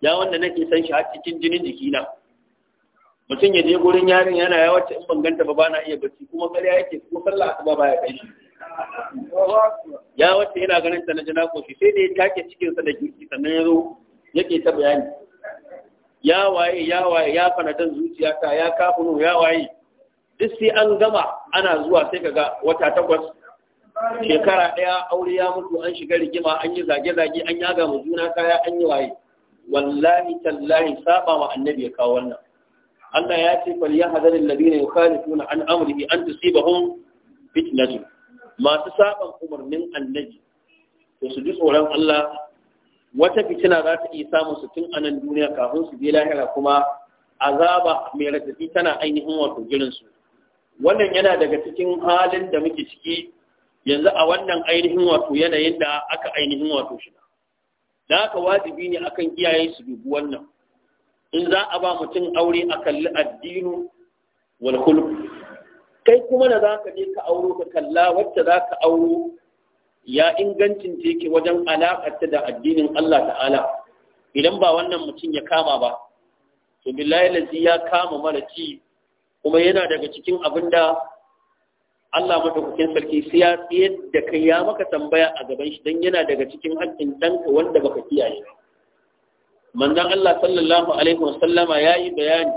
ya wanda nake san shi har cikin jinin jikina mutum ya je gurin yarin yana ya wacce in banganta ganta ba bana iya bacci kuma kariya yake ko sallah ba baya kai shi ya wacce yana ganin ta na jina koshi sai da ya take sa da kirki sannan ya zo yake ta bayani ya waye ya waye ya zuciya zuciyata ya kafuno ya waye duk sai an gama ana zuwa sai kaga wata takwas shekara ɗaya aure ya mutu an shiga rigima an yi zage-zage an yaga mu juna kaya an yi waye wallahi tallahi saba ma annabi ya kawo wannan Allah ya ce fal ya hadarin ladina yukhalifuna an amrihi an tusibahum fitnatun masu saban umarnin annabi to su ji tsoron Allah wata fitina za ta iya samun su tun a nan duniya kafin su je lahira kuma azaba mai radadi tana ainihin wato girin su wannan yana daga cikin halin da muke ciki yanzu a wannan ainihin wato yanayin da aka ainihin wato shi. da aka wajibi ne akan iyaye su dubi wannan in za a ba mutum aure a kalli addinu wal khulq kai kuma na za ka je ka auro ka kalla wacce za ka auro ya ingancin ta yake wajen alaƙarta da addinin Allah ta'ala idan ba wannan mutum ya kama ba to billahi lazi ya kama mara ci kuma yana daga cikin abin da Allah madaukakin sarki sai ya tsayar da kai ya maka tambaya a gaban shi dan yana daga cikin haƙƙin danka wanda baka kiyaye manzon Allah sallallahu alaihi wasallama yayi bayani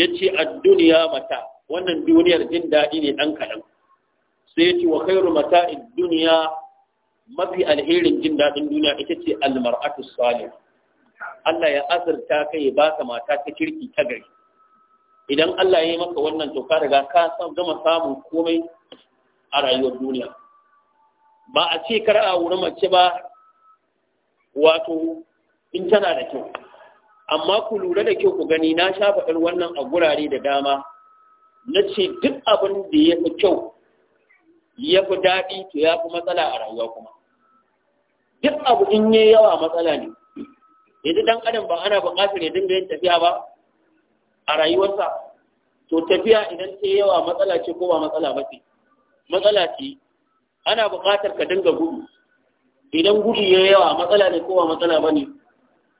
yace a duniya mata' wannan duniyar jin daɗi ne ɗan kaɗan sai ya ce wa khairu mata'id duniya mafi alherin jin daɗin duniya ita ce almar'atu salih Allah ya azurta kai ya baka mata ta kirki ta gari idan Allah ya yi maka wannan to ka riga ka gama samun komai a rayuwar duniya ba a ce kar a wuri mace ba wato in tana da kyau amma ku lura da kyau ku gani na sha faɗar wannan a gurare da dama na ce duk abin da ya fi kyau ya fi daɗi to ya fi matsala a rayuwa kuma duk abu in yi yawa matsala ne yanzu dan adam ba ana buƙatar ya dinga yin tafiya ba a rayuwarsa to tafiya idan ta yawa matsala ce ko ba matsala ba ce matsala ce ana buƙatar ka dinga gudu idan gudu ya yawa matsala ne ko ba matsala ba ne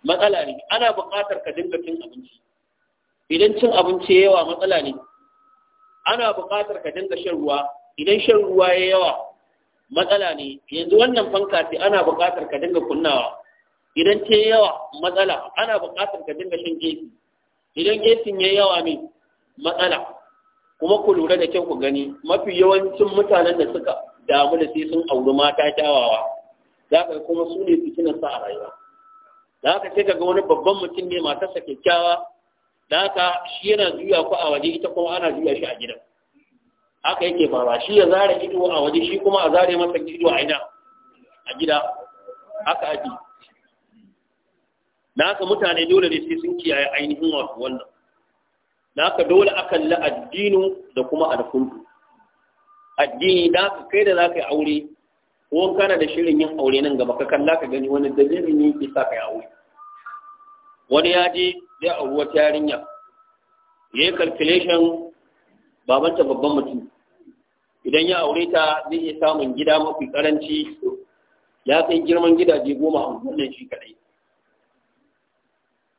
matsala ne ana buƙatar ka dinga cin abinci idan cin abinci ya yawa matsala ne ana buƙatar ka dinga shan ruwa idan shan ruwa ya yawa matsala ne yanzu wannan fanka ce ana buƙatar ka dinga kunnawa idan ce yawa matsala ana buƙatar ka dinga shan gefe idan gefen ya yawa ne matsala kuma ku lura da kyau ku gani mafi yawancin mutanen da suka damu da sai sun auri mata kyawawa za ka kuma su ne kina sa a rayuwa za ka ce ka ga wani babban mutum ne matarsa kyakkyawa da haka shi yana juya ku a waje ita kuma ana juya shi a gidan haka yake fara shi ya zare ido a waje shi kuma a zare masa ido a ina a gida haka ake da haka mutane dole ne sai sun kiyaye ainihin wasu wannan da haka dole akan la addinu da kuma alkhulqu addini da haka kai da ka yi aure ko kana da shirin yin aure nan gaba ka kalla ka gani wani dalili ne ke sa yi aure wani ya je zai auri wata yarinya ya yi calculation babanta babban mutum idan ya aure ta zai iya samun gida mafi karanci ya kai girman gidaje goma a wannan shi kadai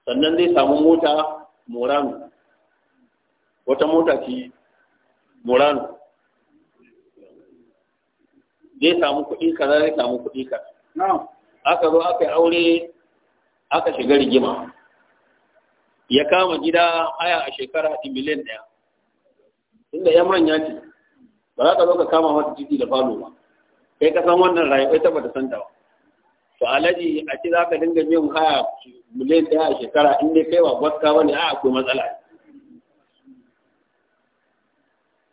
sannan zai samu mota morano wata mota ce morano zai samu kuɗi kaza zai samu kuɗi kaza aka zo aka yi aure aka shiga rigima ya kama gida haya a shekara a miliyan ɗaya inda ya manya ce ba za ka zo ka kama wata ciki da falo ba kai ka san wannan rayuwar ta bata ta ba to alaji a ce za ka dinga biyan haya miliyan ɗaya a shekara in dai kai ba gwaska ba ne a akwai matsala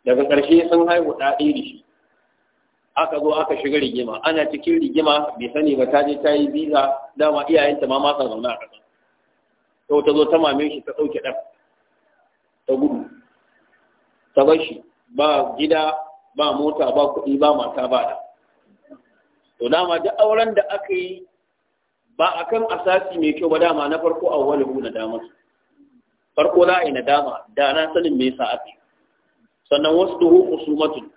daga ƙarshe sun haihu ɗaɗe da shi aka zo aka shiga rigima ana cikin rigima bai sani ba ta je ta yi biza dama iyayenta ma ma sa zaune a ƙasa sau ta zo ta mame shi ta ɗauke ɗan ta gudu ta bar shi ba gida ba mota ba kuɗi ba mata ba da to dama duk auren da aka yi ba a kan asasi mai kyau ba dama na farko a wani na damar farko za a yi na dama da na sanin me yasa ake sannan wasu duhu kusumatun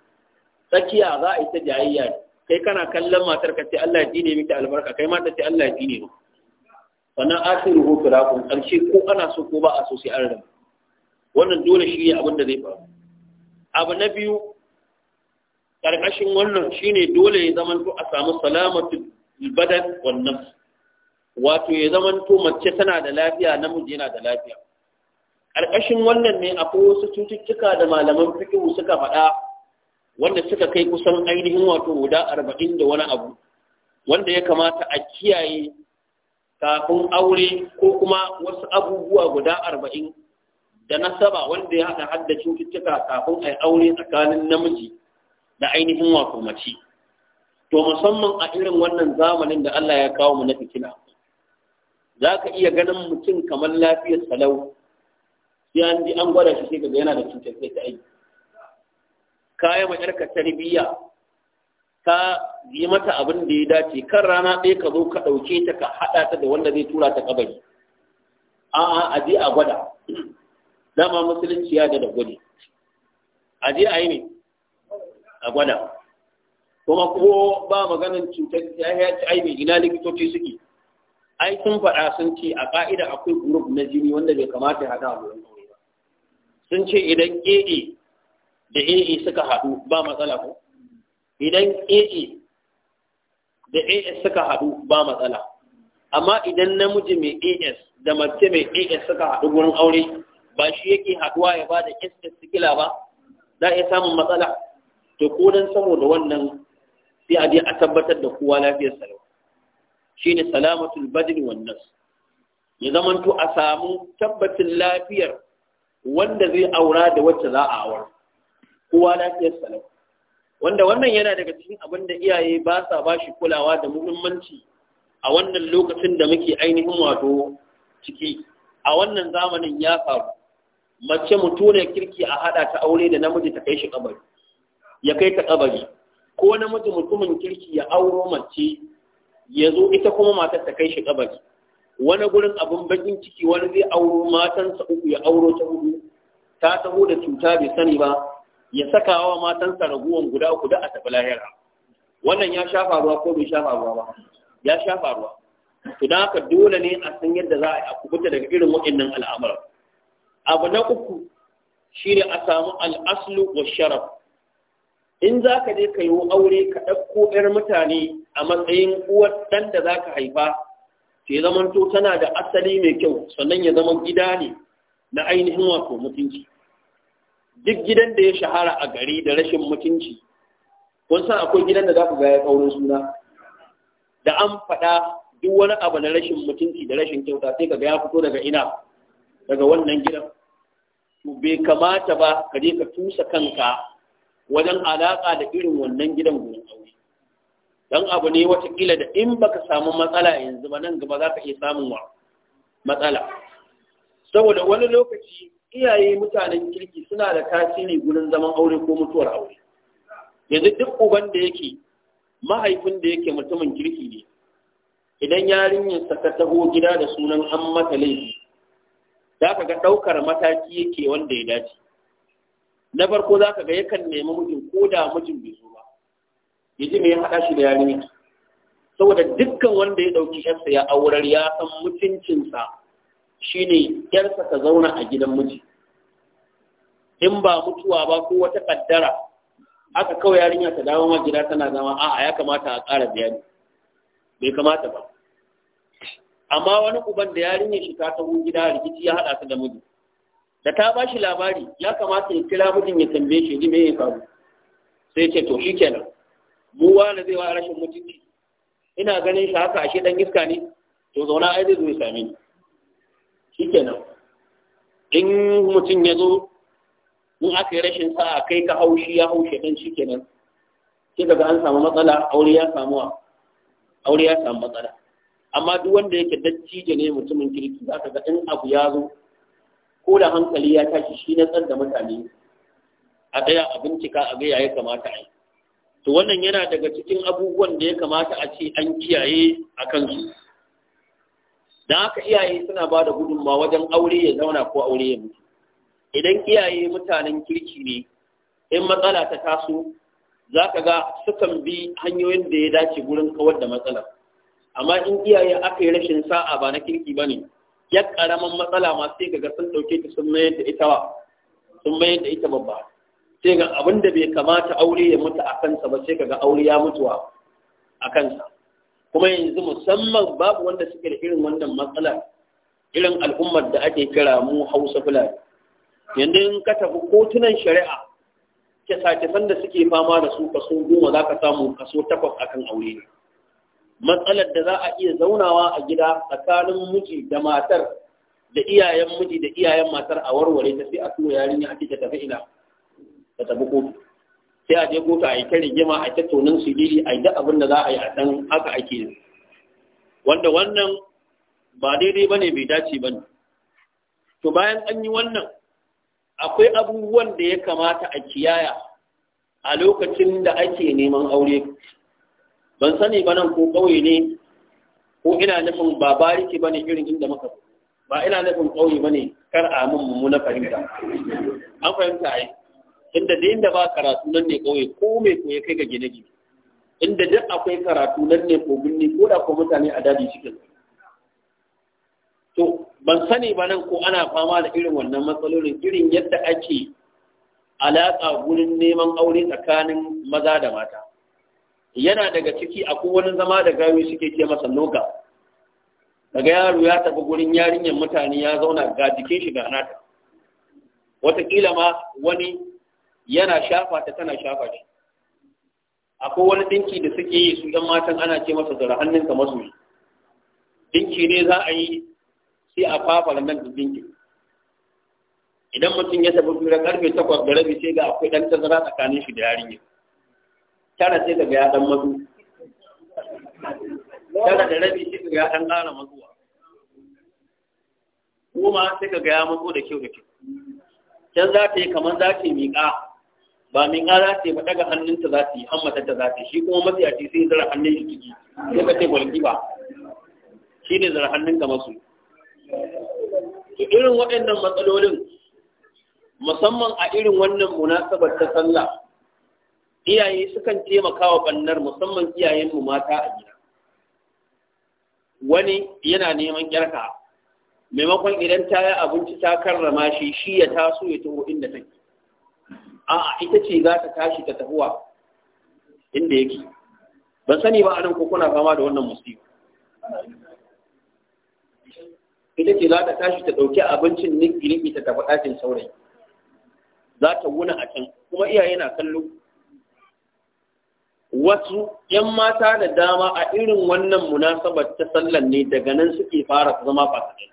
tsakiya za a yi ta jayayya kai kana kallon matar ka ce Allah ya dine miki albarka kai ma ta ce Allah ya dine maka sannan ko firakun ƙarshe, ko ana so ko ba a so sai an rabu wannan dole shi ne abin da zai faru abu na biyu Ƙarƙashin wannan shi ne dole ya zama to a samu salamatu badan wannan wato ya zama to mace tana da lafiya namiji yana da lafiya Ƙarƙashin wannan ne akwai wasu cututtuka da malaman fikihu suka faɗa wanda suka kai kusan ainihin wato guda arba'in da wani abu wanda ya kamata a kiyaye kafin aure ko kuma wasu abubuwa guda arba'in da nasaba wanda ya haɗa hadda cututtuka kafin a yi aure tsakanin namiji da ainihin wato mace to musamman a irin wannan zamanin da Allah ya kawo mu na fitina za ka iya ganin mutum kamar lafiyar salau sai an ji an gwada shi sai ka yana da cutar sai ta aiki kaya ma yarka tarbiyya ka yi mata abin da ya dace kan rana ɗaya ka zo ka ɗauke ta ka haɗa ta da wanda zai tura ta kabari a'a a je a gwada dama musulunci ya da gwada a je a yi ne a gwada kuma ko ba maganin cutar ya ci ai mai gina likitoci suke ai sun faɗa sun ce a ƙa'ida akwai gurub na jini wanda bai kamata ya haɗa a wurin ba sun ce idan AA da AA suka haɗu ba matsala ko idan AA da AS suka haɗu ba matsala amma idan namiji mai AS da mace mai AS suka haɗu wurin aure ba shi yake haɗuwa ya ba da SS sikila ba za a iya samun matsala to ko don saboda wannan sai a je a tabbatar da kowa lafiyar Shi ne salamatul badin wannan ya zamanto a samu tabbacin lafiyar wanda zai aura da wacce za a aura kowa lafiyar salo. wanda wannan yana daga cikin abin da iyaye ba sa ba shi kulawa da muhimmanci a wannan lokacin da muke ainihin wato ciki a wannan zamanin ya faru mace mutuniyar kirki a haɗa ta aure da namiji ta kai shi kabari ya kai ta kabari ko namiji mutumin kirki ya auro mace ya zo ita kuma matar ta kai shi kabari wani gurin abin bakin ciki wani zai auro matansa uku ya auro ta hudu ta taho da cuta bai sani ba ya saka wa matansa raguwan guda uku da a tafi lahira wannan ya sha faruwa ko bai sha faruwa ba ya sha faruwa to dan haka dole ne a san yadda za a kubuta daga irin waɗannan al'amuran abu na uku shine a samu al'aslu wa sharaf in za ka je ka yi aure ka ɗauko 'yar mutane a matsayin uwar ɗan da za ka haifa ke zamanto tana da asali mai kyau sannan ya zama gida ne na ainihin wato mutunci duk gidan da ya shahara a gari da rashin mutunci kun san akwai gidan da za ku gaya suna da an faɗa duk wani abu na rashin mutunci da rashin kyauta sai ka ga ya fito daga ina daga wannan gidan to bai kamata ba ka je ka tusa kanka wajen alaƙa da irin wannan gidan gurin dan abu ne watakila da in baka samu matsala yanzu ba nan gaba za ka iya samun matsala saboda wani lokaci iyaye mutanen kirki suna da tasiri gurin zaman aure ko mutuwar aure yanzu duk uban da yake mahaifin da yake mutumin kirki ne idan yarinyarsa ta taho gida da sunan an mata laifi za ka ga ɗaukar mataki yake wanda ya dace na farko za ka ga yakan nemi mijin ko da mijin bai zo ba ya ji mai haɗa shi da yarinyarsa. saboda dukkan wanda ya ɗauki yarsa ya aurar ya san mutuncinsa shine yarsa ta zauna a gidan miji in ba mutuwa ba ko wata kaddara aka kawai yarinya ta dawo ma gida tana zama a'a ya kamata a ƙara bayani bai kamata ba amma wani uban da yarinya shi ta taho gida rikici ya haɗa su da miji da ta ba shi labari ya kamata ya kira mijin ya tambaye shi ji me ya faru sai ce to shikenan mu wani zai wa rashin mutunci ina ganin shi haka ashe dan iska ne to zauna ai zai zo ya same ni nan, in mutum ya zo in aka yi rashin sa'a kai ka haushi ya haushe dan nan. sai daga an samu matsala aure ya samu aure ya samu matsala amma duk wanda yake dattijo ne mutumin kirki za ka ga in abu ya zo ko da hankali ya tashi shi na tsar da mutane a ɗaya a bincika a ga ya kamata a yi to wannan yana daga cikin abubuwan da ya kamata a ce an kiyaye a kansu don haka iyaye suna ba da gudunmawa wajen aure ya zauna ko aure ya mutu idan iyaye mutanen kirki ne in matsala ta taso za ka ga sukan bi hanyoyin da ya dace gurin kawar da matsala amma in iyaye aka yi rashin sa'a ba na kirki ba ne ya karaman matsala ma sai ga sun ɗauke ta sun mayar da ita sun mayar da ita babba sai ga abin da bai kamata aure ya mutu a kansa ba sai ga aure ya mutuwa a kansa kuma yanzu musamman babu wanda suke da irin wannan matsalar irin al'ummar da ake kira mu hausa fulani yanzu in ka tafi kotunan shari'a kyasa-kyasan da suke fama da su kaso goma za ka samu kaso takwas akan aure ne matsalar da za a iya zaunawa a gida tsakanin miji da matar da iyayen miji da iyayen matar a warware ta sai a tura yarinya a tafi ina ta tafi kotu sai a je kotu a yi ta rigima a ta tonin siriri a yi duk abin da za a yi a ɗan haka ake yi wanda wannan ba daidai ba ne bai dace ba ne to bayan an yi wannan akwai abubuwan da ya kamata a kiyaya a lokacin da ake neman aure ban sani ba nan ko ƙauye ne ko ina nufin ba bariki ba ne irin inda muka ba ina nufin ƙauye ba ne kar a mun mummuna fahimta an fahimta yi inda da inda ba karatu nan ne kauye ko mai koye kai ga gine-gine inda duk akwai karatu nan ne ko binni ko da ko mutane a daji cikin to ban sani ba nan ko ana fama da irin wannan matsalolin irin yadda ake alaƙa gurin neman aure tsakanin maza da mata yana daga ciki akwai wani zama da gawi suke ce masa noga daga yaro ya tafi gurin yarinyar mutane ya zauna ga jikin shi ga nata wataƙila ma wani yana shafa ta tana shafa shi akwai wani dinki da suke yi su ɗan matan ana ce masa zara hannunka yi. dinki ne za a yi sai a fafa nan da dinki idan mutum ya tafi fira karfe takwas da rabi sai ga akwai ɗan tazara tsakanin shi da yarinya tara sai ga ya ɗan mazu tara da rabi sai ga ya ɗan ƙara mazuwa kuma sai ka ya mazo da kyau da kyau can za ta yi kamar za ta yi miƙa ba min ƙara ce ba daga hannunta za ta yi hammata ta za ta shi kuma matsiyaci sai zara hannun shi ciki sai ka ce gwalki ba shi ne zara hannun ka masu to irin waɗannan matsalolin musamman a irin wannan munasabar ta sallah iyaye sukan taimaka wa bannar musamman iyayenmu mata a gida wani yana neman kyarka maimakon idan ta yi abinci ta karrama shi shi ya taso ya taho inda take a'a ita ce za ta tashi ta tafiwa inda yake ban sani ba anan ko kuna fama da wannan musibi ita ce za ta tashi ta ɗauki abincin ninki-ninki ta tafi ɗakin saurayi za ta wuna a can kuma iyaye na kallo wasu ‘yan mata da dama a irin wannan munasabar ta sallan ne daga nan suke fara zama ɗaya.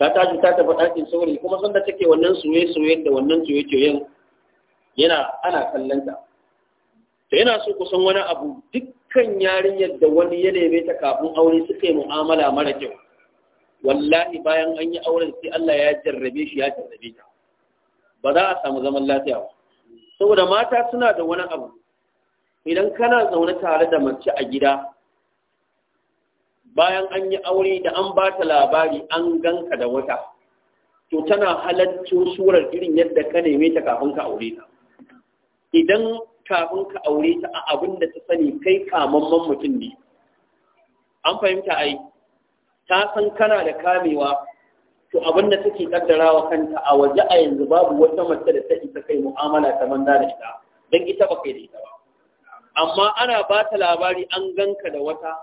ta tashi ta tafi ɗakin saurayi kuma sun da take wannan suwe suwe da wannan soye soyen yana ana kallon ta yana so kusan wani abu dukkan yarinyar da wani ya neme ta kafin aure suka yi mu'amala mara kyau wallahi bayan an yi auren sai Allah ya jarrabe shi ya jarrabe ta ba za a samu zaman lafiya ba saboda mata suna da wani abu idan kana zaune tare da mace a gida bayan an yi aure da an ba ta labari an ganka da wata to tana halarci surar irin yadda ka neme ta kafin ka aure ta idan kafin ka aure ta a abin da ta sani kai kamamman mutum ne an fahimta ai ta san kana da kamewa to abin da take kaddarawa kanta a waje a yanzu babu wata mace da ta isa kai mu'amala ta banza da ita don ita ba kai da ita ba amma ana ba ta labari an ganka da wata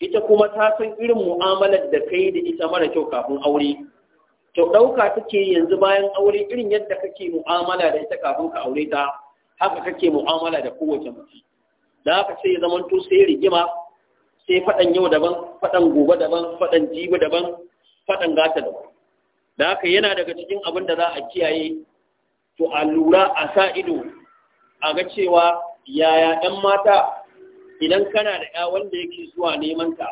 ita kuma ta san irin mu'amalar da kai da ita mara kyau kafin aure to ɗauka take yanzu bayan aure irin yadda kake mu'amala da ita kafin ka aure ta haka kake mu'amala da kowace mace da haka sai ya zama to sai rigima sai faɗan yau daban faɗan gobe daban faɗan jibi daban faɗan gata daban da haka yana daga cikin abin da za a kiyaye to a lura a sa ido a ga cewa yaya 'yan mata idan kana da ya wanda yake zuwa neman ka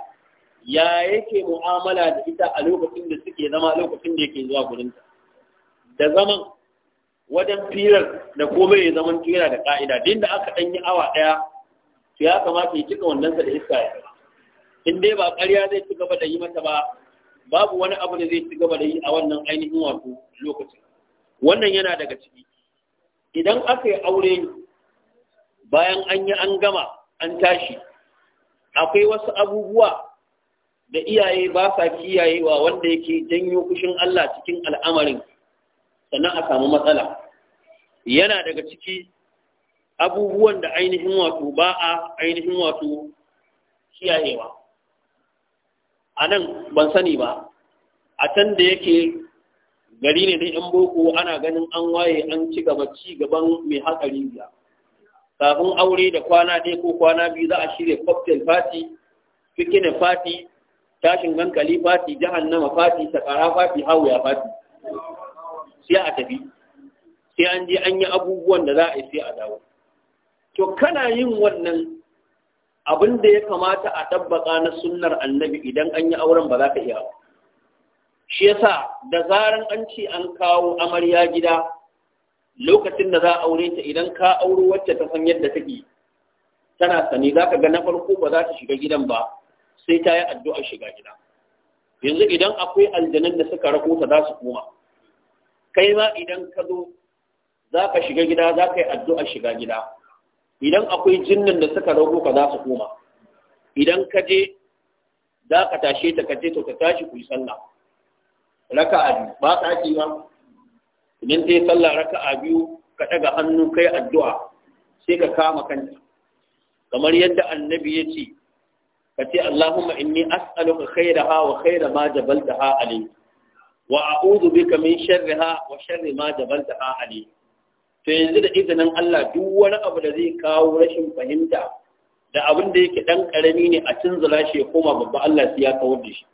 ya yake mu'amala da ita a lokacin da suke zama lokacin da yake zuwa gurinta da zaman wajen firar da komai ya zaman yana da ka'ida din da aka ɗanyi awa ɗaya to ya kamata ya cika wannan sa da iska ya in dai ba ƙarya zai ci gaba da yi mata ba babu wani abu da zai ci gaba da yi a wannan ainihin wato lokacin wannan yana daga ciki idan aka yi aure bayan an yi an gama an tashi akwai wasu abubuwa da iyaye ba sa kiyayewa wanda yake janyo kushin Allah cikin al'amarin sannan a samu matsala yana daga ciki abubuwan da ainihin wato ba a ainihin wato kiyayewa a nan ban sani ba a can da yake gari ne da yan boko ana ganin an waye an ci gaba ci gaban mai hatsari biya kafin aure da kwana ɗaya ko kwana biyu za a shirya cocktail party fikin party tashin hankali party jahannama party sakara party hawaya party sai a tafi sai an je an yi abubuwan da za a yi sai a dawo to kana yin wannan abin da ya kamata a tabbaka na sunnar annabi idan an yi auren ba za ka iya shi yasa da zaran an ce an kawo amarya gida lokacin da za a aure ta idan ka auri wacce ta san yadda take tana sani za ka ga na farko ba za ta shiga gidan ba sai ta yi addu'a shiga gida yanzu idan akwai aljanan da suka rako ta za su koma kai ma idan ka zo za ka shiga gida za ka yi addu'a shiga gida idan akwai jinnin da suka rako ka za su koma idan ka je za ka tashe ta ka je to ka tashi ku yi sallah raka'a ba ta ake ba idan ta yi sallah raka'a biyu ka ɗaga hannu kai addu'a sai ka kama kanta kamar yadda annabi ya ce ka ce Allahumma inni as'aluka khairaha wa khaira ma jabaltaha alayhi wa a'udhu bika min ha wa sharri ma jabaltaha alayhi to yanzu da izinin Allah duk wani abu da zai kawo rashin fahimta da abin da yake dan karami ne a tunzula shi ya koma babba Allah sai ya kawar da shi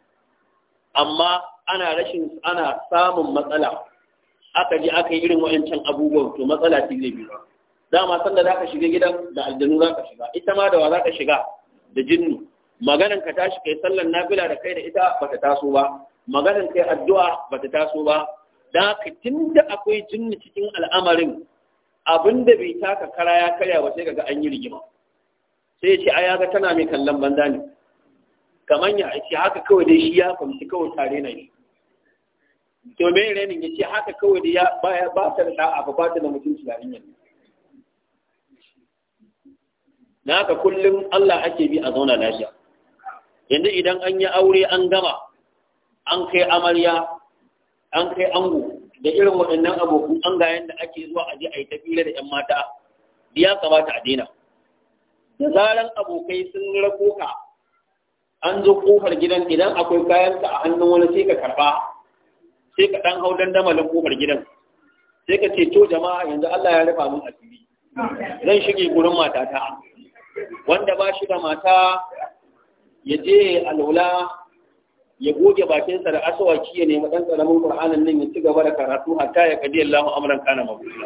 amma ana rashin ana samun matsala aka ji aka yi irin wa'ancan abubuwan to matsala ce zai biyu dama sanda za ka shiga gidan da aljanu za ka shiga ita ma da wa za ka shiga da jinnu maganan ka tashi kai sallan nafila da kai da ita bata taso ba maganan kai addu'a bata taso ba da ka tunda akwai jinni cikin al'amarin abin da bai taka kara ya karya ba sai kaga an yi rigima sai ce ai ga tana mai kallon banza ne Kamar ya ce haka kawai dai shi ya fahimci kawai tare na yi. to me renin ya ce haka kawai da ya ba ta da abu ba ta da mutunci da hanyar na ka kullum Allah ake bi a zauna lafiya yanzu idan an yi aure an gama an kai amarya an kai ango da irin waɗannan abokan an ga yanda ake zuwa aje a yi tafiya da 'yan mata ya kamata a daina da zaran abokai sun rako ka an zo kofar gidan idan akwai kayanka a hannun wani sai ka karba sai ka ɗan hau dandamalin ƙofar gidan sai ka ce to jama'a yanzu Allah ya rufa mun asiri zan shige gurin matata wanda ba shi da mata ya je alwala ya goge bakinsa da asawaki ya nemi ɗan ƙaramin ƙur'anin nan ya ci gaba da karatu hatta ya kadi Allah amran kana mabula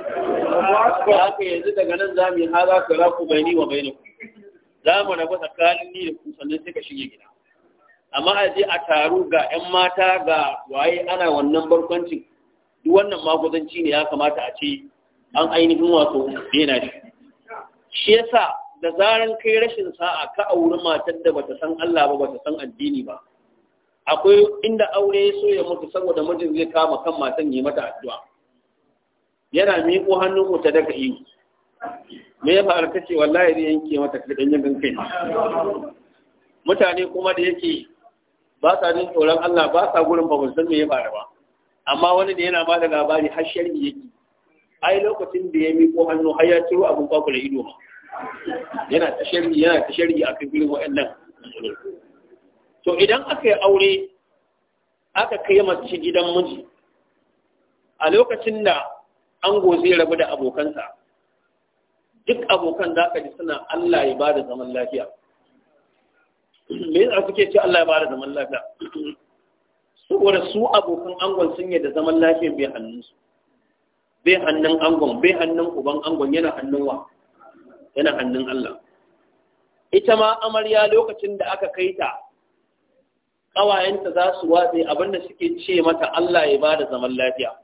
haka yanzu daga nan za mu yi haza ka rafu wa bainakum za rabu tsakanin ni da ku sannan sai ka shige gida amma a je a taru ga 'yan mata ga waye ana wannan barkwancin duk wannan maguzanci ne ya kamata a ce an ainihin wato daina shi shi yasa da zaran kai rashin sa'a ka auri matar da bata san Allah ba bata san addini ba akwai inda aure ya so ya mutu saboda mijin zai kama kan matan yi mata addu'a yana miƙo hannun mutu daga yi me ya faru ta wallahi zai yanke mata kaɗan yin kai mutane kuma da yake ba sa jin tsoron Allah ba sa gurin ba san me ya faru ba amma wani da yana ba da labari har sharri yake ai lokacin da ya ko hannu har ya ciro abin kwakula ido ma yana ta sharri yana ta sharri a kan gurin wa'annan to idan aka yi aure aka kai mace gidan miji a lokacin da ango zai rabu da abokansa duk abokan za ka ji suna Allah ya bada zaman lafiya me yasa suke ce Allah ya bada zaman lafiya saboda su abokan angon sun yi da zaman lafiya bai su bai hannun angon bai hannun uban angon yana hannun wa yana hannun Allah ita ma amarya lokacin da aka kai ta ƙawayenta za su watse abinda suke ce mata Allah ya bada zaman lafiya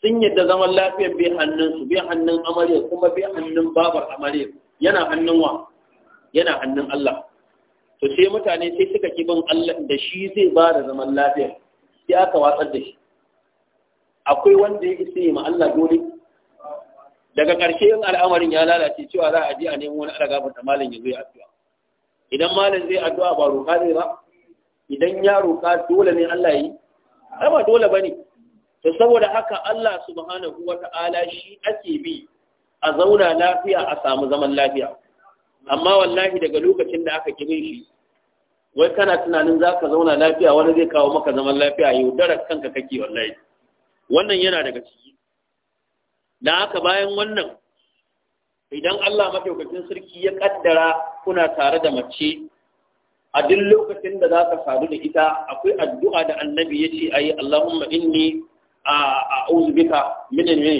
sun yadda zaman lafiyar bai hannunsu bai hannun amarya kuma bai hannun babar amarya yana hannun wa yana hannun Allah to sai mutane sai suka ki bin Allah da shi zai ba da zaman lafiya sai aka watsar da shi akwai wanda ya isa ma Allah dole daga ƙarshe yin al'amarin ya lalace cewa za a je a nemo wani araga da malam ya zo ya addu'a idan malam zai addu'a ba roƙa zai ba idan ya roƙa dole ne Allah yi ai ba dole bane to saboda haka Allah subhanahu wata'ala shi ake bi a zauna lafiya a samu zaman lafiya amma wallahi daga lokacin da aka kibin shi wai kana tunanin za ka zauna lafiya wani zai kawo maka zaman lafiya yau, yaudarar kanka kake wallahi wannan yana daga ciki da haka bayan wannan idan Allah mataukakin sarki ya kaddara kuna tare da mace a duk lokacin da za ka sadu da ita akwai addu'a da annabi ya ce ayi Allahumma inni a uzbika minin ne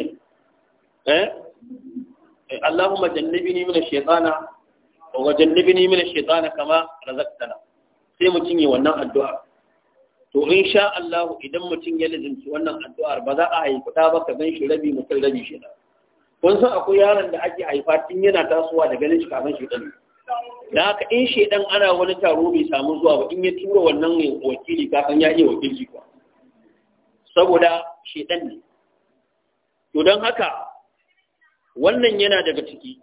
eh? eh Allahumma jannibni min ash-shaytana wa jannibni min ash-shaytana kama razaqtana sai mutum ya wannan addu'a to in sha Allah idan mutum ya lizinci wannan addu'ar ba za a haifi ɗa ba ka gan shi rabi mutum rabi shi ɗan kun san akwai yaron da ake haifa tun yana tasowa da ganin shi kafin shi ɗan da haka in shi ɗan ana wani taro bai samu zuwa ba in ya tura wannan wakili kafin ya iya wakilci kuwa saboda shi ɗan ne to don haka wannan yana daga ciki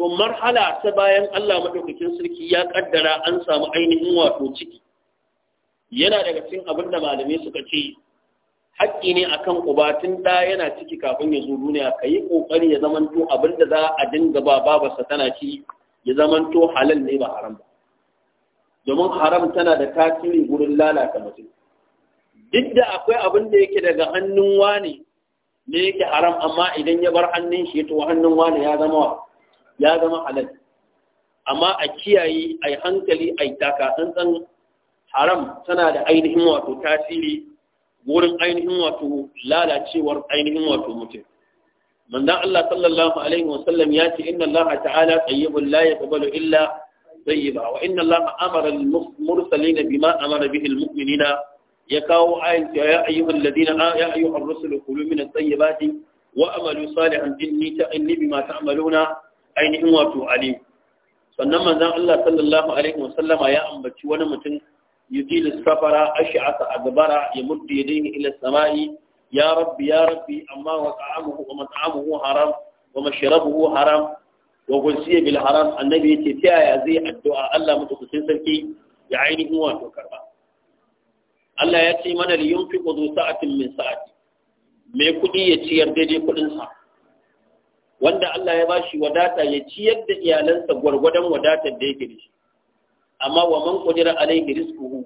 to marhala ta bayan Allah maɗaukakin sarki ya ƙaddara an samu ainihin wato ciki yana daga cikin abin da malamai suka ce haƙƙi ne akan uba tun da yana ciki kafin ya zo duniya ka yi ƙoƙari ya zamanto abin da za a dinga ba babarsa tana ci ya zamanto halal ne ba haram ba domin haram tana da tasiri gurin lalata mutum duk da akwai abin da yake daga hannun wani ne yake haram amma idan ya bar hannun shi to hannun wani ya zama ya zama halal amma a kiyaye a hankali a taka tsantsan haram tana da ainihin wato tasiri wurin ainihin wato lalacewar ainihin wato mutum manzon Allah sallallahu alaihi wasallam ya ce inna Allah ta'ala tayyibun la yaqbalu illa tayyiba wa inna Allah amara al-mursalin bima amara bihi al-mu'minina ya kawo ayin ya ayyuhal ladina ya ayyuhar rusulu kulu min at-tayyibati wa amalu salihan inni ta inni bima ta'maluna ainihin wato ali sannan manzon Allah sallallahu alaihi wasallama ya ambaci wani mutum yuzilu safara ash'asa adbara ya muddi yadayhi ila samai ya rabbi ya rabbi amma wa ta'amuhu wa mat'amuhu haram wa mashrabuhu haram wa gulsiya bil haram annabi yace ta yaya zai addu'a Allah mutukusin sarki ya ainihin wato karba Allah ya ce mana li yunfiqu sa'atin min sa'ati mai kudi ya ciyar daidai kudin sa wanda Allah ya bashi wadata ya ciyar da iyalansa gwargwadon wadatar da yake da shi amma wa man qadira alaihi rizquhu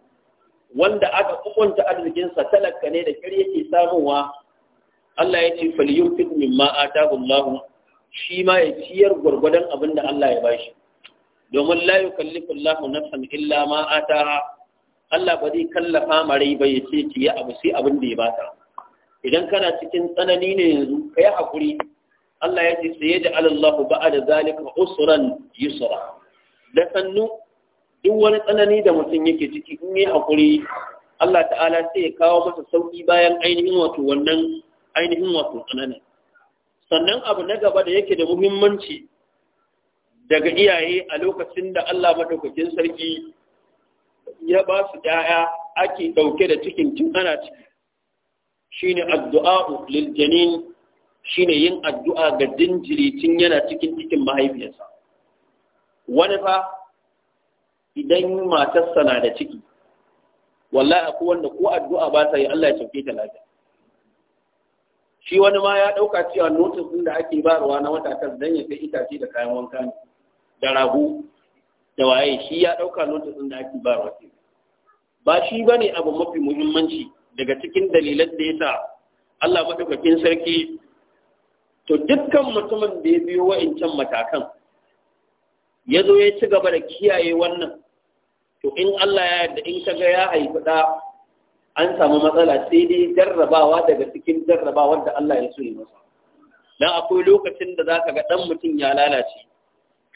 wanda aka arzikin arzikinsa talaka ne da kar yake samuwa Allah ya ce falyunfiq mimma atahu Allah shi ma ya ciyar gwargwadon abin da Allah ya bashi domin la yukallifu Allah nafsan illa ma ataha Allah ba zai kallafa marai ba ya ce ciye abu sai abin da ya bata idan kana cikin tsanani ne yanzu kai hakuri Allah ya ce sai ya ja'ala Allah ba'da zalika usran yusra da sannu duk wani tsanani da mutum yake ciki in yi hakuri Allah ta'ala sai ya kawo masa sauki bayan ainihin wato wannan ainihin wato tsanani sannan abu na gaba da yake da muhimmanci daga iyaye a lokacin da Allah madaukakin sarki ya ba su ɗaya ake ɗauke da cikin tun ana ciki shine addu'a lil janin Shi ne yin addu'a ga jinjiri tun yana cikin cikin mahaifiyarsa wani fa idan matarsa na da ciki wallahi akwai wanda ko addu'a ba sa yi Allah ya cauke ta lafiya shi wani ma ya ɗauka cewa notis ɗin da ake barwa na matakar don ya kai itace da kayan wanka ne da ragu da waye shi ya ɗauka notis ɗin da ake barwa ce ba shi bane abu mafi muhimmanci daga cikin dalilan da ya sa Allah maɗaukakin sarki to dukkan mutumin da ya biyo wa'incan matakan ya zo ya ci gaba da kiyaye wannan to in Allah ya yarda in kaga ya haifi da an samu matsala sai dai jarrabawa daga cikin jarrabawar da Allah ya so yi masa dan akwai lokacin da zaka ga dan mutum ya lalace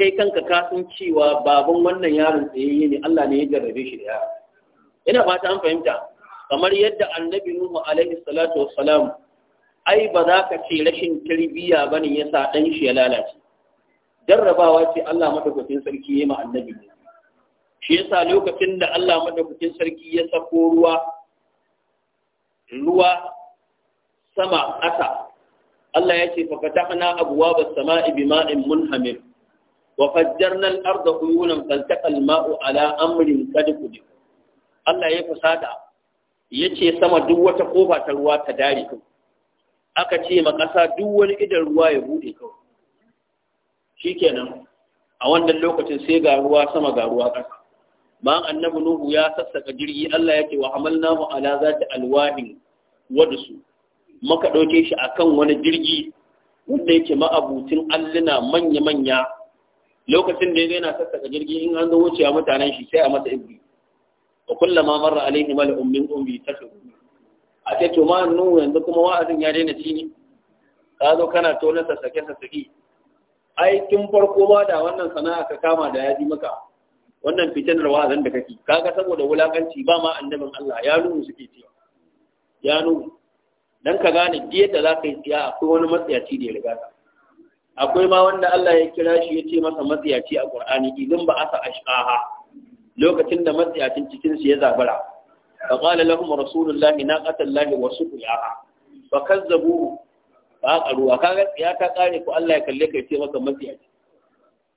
kai kanka ka san cewa baban wannan yaron yayi ne Allah ne ya jarrabe shi da yaron. ina fata an fahimta kamar yadda annabi Nuhu alaihi salatu wassalam ai ba za ka ce rashin tarbiyya ba ne ya sa ɗan shi ya lalace jarrabawa ce Allah madaukakin sarki ya ma annabi shi yasa lokacin da Allah madaukakin sarki ya sako ruwa ruwa sama ƙasa Allah ya ce fafatahna abwaaba as-samaa'i bima'in munhamir wa fajjarna al-arda uyunan faltaqa al-ma'u ala amrin qad qudir Allah ya fasada yace sama duk wata kofa ta ruwa ta dare ku aka ce ma ƙasa duk wani idan ruwa ya buɗe kawai Shi kenan a wannan lokacin sai ga ruwa sama ga ruwa ƙasa ma annabi nuhu ya sassaka jirgi Allah yake wa mu ala zati alwahin wadsu maka ɗauke shi akan wani jirgi wanda yake ma'abutin alluna manya-manya lokacin da yana sassaka jirgi in an zo wucewa mutanen shi sai a masa ibri wa kullama marra alaihi mal'um min ummi tasawwur a ce to ma nu yanzu kuma wa'azin ya daina ci ne ka zo kana tona sassake sassake ai tun farko ba da wannan sana'a ka kama da ya ji maka wannan fitinar wa'azin da kake kaga saboda wulakanci ba ma annabin Allah ya nuhu suke cewa ya nuhu? dan ka gane diya da za ka yi tsiya akwai wani matsayaci da ya riga ka akwai ma wanda Allah ya kira shi ya ce masa matsayaci a Qur'ani idan ba asa ashqaha lokacin da matsayacin cikin su ya zabara فقال لهم رسول الله ناقة الله وسقياها فكذبوه فأقروا وكاغا يا تقاري كو الله يكلك كي تي maka mafiyaci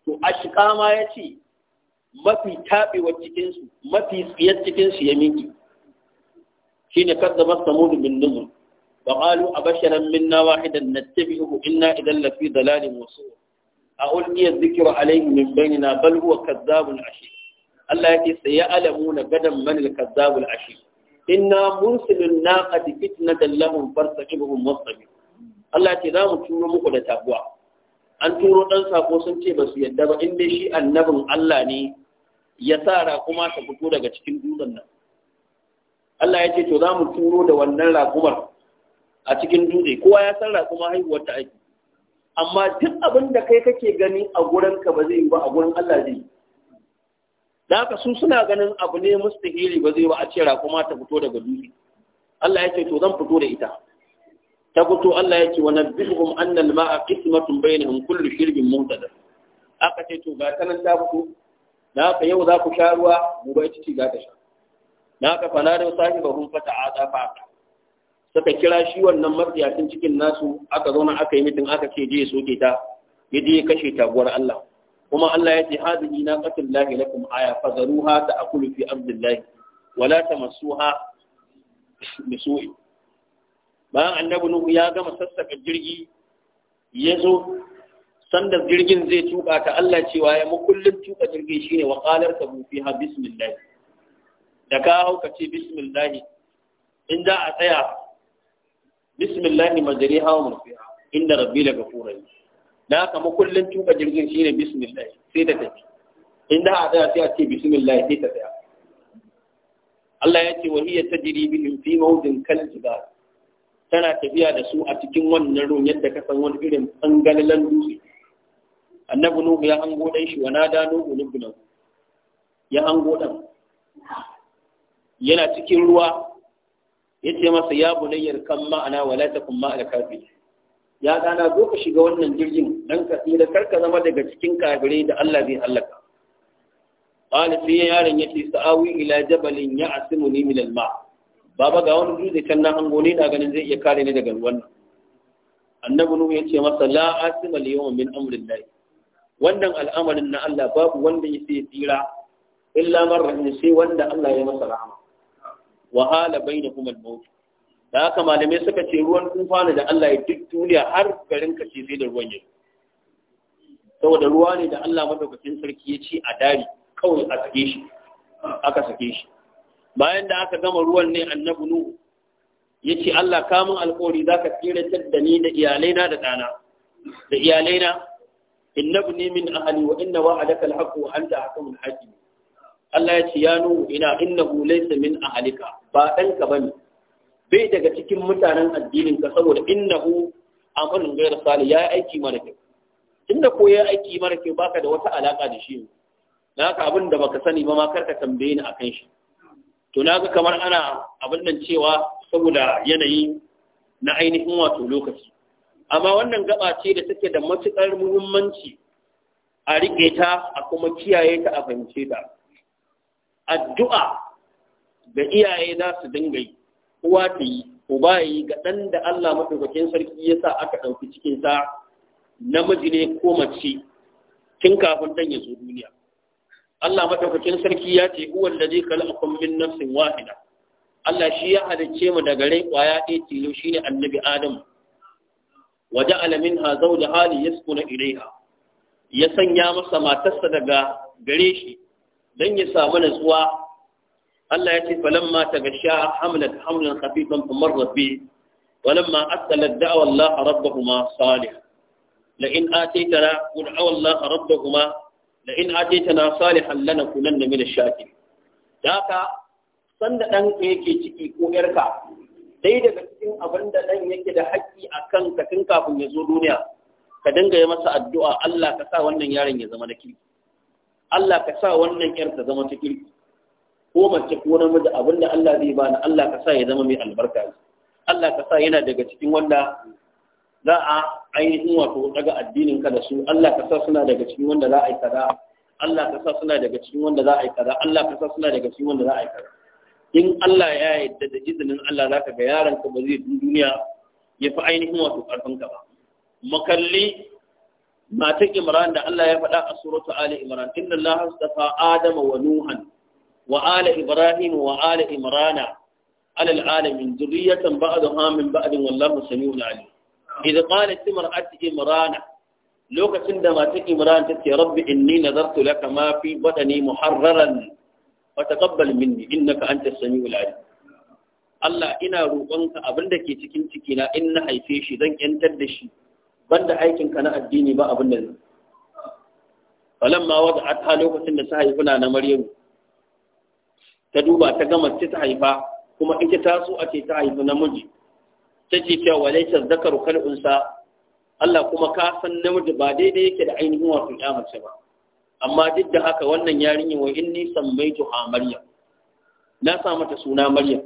to ashqa ma yace تابي tabewar cikin su mafi tsiyar cikin su ya miki shine kazzabat samud فقالوا أبشرا منا واحدا نتبعه إنا إذا لفي ضلال وسوء ألقي الذكر عليه من بيننا بل هو كذاب عشير Allah yake sai ya alamu na gadan manil kazzabul ashi inna mursilun naqati fitnatan lahum farsaqibuhum wasbi Allah ce za mu turo muku da taguwa an turo dan sako sun ce ba su yadda ba in dai shi annabin Allah ne ya sa kuma ta fito daga cikin dutsen nan Allah ya ce to za mu turo da wannan raƙumar a cikin dutse kowa ya san raƙuma haihuwar ta aiki amma duk abin da kai kake gani a gurin ka ba zai yi ba a gurin Allah zai yi da haka su suna ganin abu ne mustahili ba zai ba a ce kuma ta fito daga dutse Allah ya ce to zan fito da ita ta fito Allah ya ce wa nabbihum annal ma'a qismatun bainahum kullu shirbin muntada aka ce to ga ta nan ta fito da haka yau za ku sha ruwa gobe ita ce za ta sha da haka fana da sahibahum fata'ata fa suka kira shi wannan matsiyacin cikin nasu aka zauna aka yi mitin aka ce je ya soke ta ya ya kashe taguwar Allah kuma Allah ya ce hadhihi naqatul lahi lakum aya fadaruha ta'kulu fi amdillahi wala tamassuha bisu'i bayan annabi nuhu ya gama sassaka jirgi ya zo sanda jirgin zai tuka ta Allah cewa ya mukullin tuka jirgin shine wa qalar ta ha bismillah da ka hau ka ce bismillah in da a tsaya bismillah majriha wa murfiha inda rabbi la ghafurun da kama makullin tuka jirgin shine bismillah sai ta tafi in da a tsaya sai a ce bismillah sai ta tsaya Allah ya ce wa hiya tajri bihim fi mawdin kal jibal tana tafiya da su a cikin wannan ruwan yadda ka san wani irin tsangalalan dutse annabi nuhu ya hango dan shi wa da nuhu nubna ya hango dan yana cikin ruwa yace masa ya bunayyar kan ma'ana wala takum ma'al kafir ya dana zo ka shiga wannan jirgin dan ka tsira kar ka zama daga cikin kafirai da Allah zai halaka qala sai yaron yace sa'awi ila jabalin ya'simuni min al-ma baba ga wani dutse can na hango ne da ganin zai iya kare ni daga ruwan annabi nuhu yace masa la asima al-yawma min amrillah wannan al'amarin na Allah babu wanda yake tsira illa man rahim sai wanda Allah ya masa rahama wa hala bainahum al-maut da haka malamai suka ce ruwan ne da Allah ya duk duniya har garin kashe sai da ruwan yau saboda ruwa ne da Allah madaukakin sarki ya ce a dari kawai a sake shi aka sake shi bayan da aka gama ruwan ne annabi Nuhu, ya ce Allah kamun alƙawari za ka tsiratar da ni da iyalaina da ɗana da iyalaina innabu ne min hali wa inna wa'adaka alhaqu wa anta hakamul hakim Allah ya ce ya nuhu ina innahu laysa min ahalika ba ɗanka bane bai daga cikin mutanen addinin ka saboda innahu amalun ghayr sali ya yi aiki mara kyau inda ko ya yi aiki mara kyau baka da wata alaka da shi na ka abin da baka sani ba ma karka tambaye ni akan shi to na ga kamar ana abin nan cewa saboda yanayi na ainihin wato lokaci amma wannan gaba ce da take da matuƙar muhimmanci a riƙe ta a kuma kiyaye ta a fahimce ta addu'a ga iyaye za su dinga yi kowa ta yi ko uba yi ga ɗan da Allah maɗaukakin sarki ya sa aka ɗauki cikinsa namiji ne ko mace tun kafin ɗan ya zo duniya Allah maɗaukakin sarki ya ce uwan da zai kalakon min nafsin wahida Allah shi ya halicce mu daga rai ƙwaya ɗaya tilo shi ne annabi Adam waje alamin ha zau da hali ya sukuna ilaiha ya sanya masa matarsa daga gare shi don ya samu natsuwa Allah ya ce falamma tagasha hamlat hamlan khafifan famarrat bi walamma asalat da'awa Allah rabbahuma salih la in ataytana qul Allah rabbahuma la in ataytana salihan lanakunanna min ash Da ka? sanda dan yake ciki ko yarka dai daga cikin abin da dan yake da haƙƙi akan ka tun kafin ya zo duniya ka dinga yi masa addu'a Allah ka sa wannan yaron ya zama na kirki Allah ka sa wannan yar ta zama ta kirki ko mace ko namiji abinda Allah zai bani Allah ka sa ya zama mai albarka Allah ka sa yana daga cikin wanda za a ainihin wato daga addinin ka da su Allah ka sa suna daga cikin wanda za a yi kaza Allah ka sa suna daga cikin wanda za a yi kaza Allah ka sa suna daga cikin wanda za a yi kaza in Allah ya yarda da izinin Allah za ka ga yaron ka ba zai duniya ya fi ainihin wato karfin ka ba makalli matan Imran da Allah ya faɗa a suratu Ali Imran inna Allah astafa Adama wa Nuhan وآل إبراهيم وآل إمران على العالمين ذرية بعضها من بعض والله سميع عليم إذا قالت امرأة إمران لوك عندما إمران تتي رب إني نذرت لك ما في بطني محررا فتقبل مني إنك أنت السميع العليم Allah ina roƙonka abin da ke cikin cikina in na haife shi zan yantar da shi banda aikinka na addini ba abin da zan. Falamma wada ta lokacin da su haifuna na Maryamu ta duba ta ga mace ta haifa kuma ita ta so ake ta haifa namiji ta ce cewa walaita zakaru kal unsa Allah kuma ka san namiji ba daidai yake da ainihin wato ya mace ba amma duk da haka wannan yarinya wa inni sammaitu a maryam na sa mata suna maryam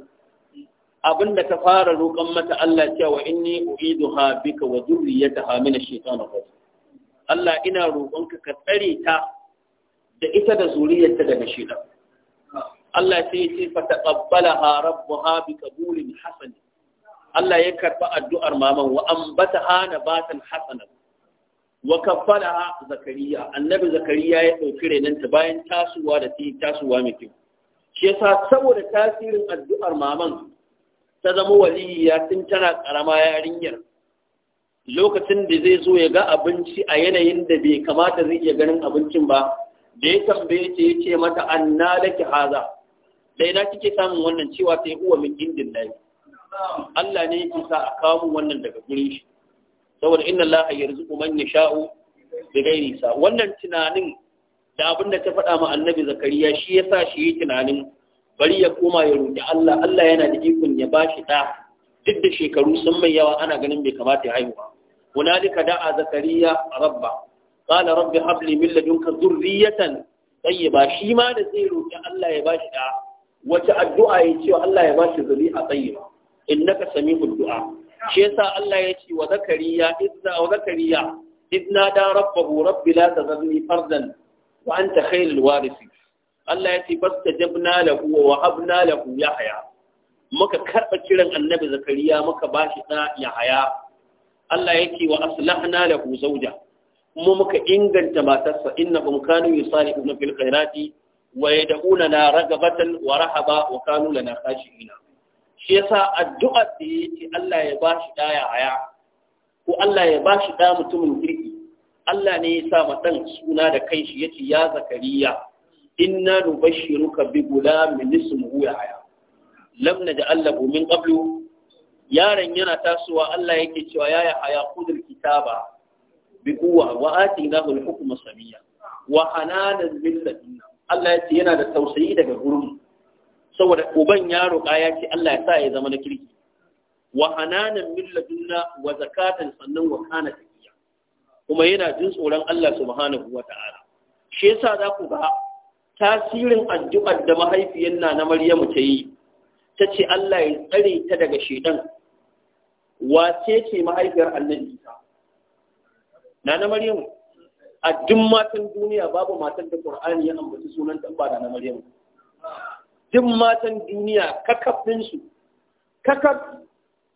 abinda ta fara roƙon mata Allah cewa inni uiduha bika wa dhurriyyataha min ash-shaytanir Allah ina roƙonka ka tsare ta da ita da zuriyarta daga shaitan Allah sai ya ce fa taqabbalaha rabbuha hasan Allah ya karba addu'ar maman wa ambataha nabatan hasanan wa kaffalaha zakariya annabi zakariya ya dauki renanta bayan tasuwa da ta tasuwa mai kyau shi yasa saboda tasirin addu'ar maman ta zama waliya tun tana karama yarinyar lokacin da zai zo ya ga abinci a yanayin da bai kamata zai iya ganin abincin ba da ya tambaye ce ya ce mata anna daki haza da ina kike samun wannan cewa sai huwa min indin lahi Allah ne yake sa a kawo wannan daga gurin shi saboda inna Allah yarzuqu man yasha'u bi ghairi sa wannan tunanin da abin da ta faɗa ma annabi zakariya shi yasa shi yi tunanin bari ya koma ya roki Allah Allah yana da ikon ya shi da duk da shekaru sun mai yawa ana ganin bai kamata ya haihuwa hunalika da'a zakariya rabba qala rabbi habli min ladunka dhurriyatan tayyiba shi ma da zai roki Allah ya bashi da wace addu'a ya ce Allah ya bashi zuri a In innaka sami du'a shi yasa Allah ya ce wa zakariya idza wa zakariya idna da rabbahu rabbi la tazarni fardan wa anta khairul warisi Allah ya ce fastajabna lahu wa wahabna lahu yahya muka karba kiran annabi zakariya muka bashi da yahya Allah ya ce wa aslahna lahu zawja kuma muka inganta matarsa innahum kanu yusari'una fil khairati wa yad'unana ragabatan wa rahaba wa na lana ina. shi yasa addu'ar da yake Allah ya bashi haya ko Allah ya bashi da mutumin kirki Allah ne ya sa ma suna da kai yace ya zakariya inna nubashshiruka bi gulamin ismuhu yahya lam naj'al lahu min qablu yaron yana tasowa Allah yake cewa ya haya kudur kitaba bi quwwa wa atinahu al-hukma samiyya wa hananan min ladunna Allah ya ce yana da tausayi daga gurin saboda uban ya roƙa ya ce Allah ya sa ya zama na kirki wa hananan min ladunna wa zakatan sannan wa kana taqiya kuma yana jin tsoron Allah subhanahu wa ta'ala shi yasa za ku ga tasirin addu'ar da mahaifiyar na na Maryamu ta yi ta ce Allah ya tsare ta daga shedan wace ce mahaifiyar Annabi Isa na na Maryamu a duk matan duniya babu matan da Qur'ani ya ambaci sunan ta ba na Maryam duk matan duniya kakafin su kakaf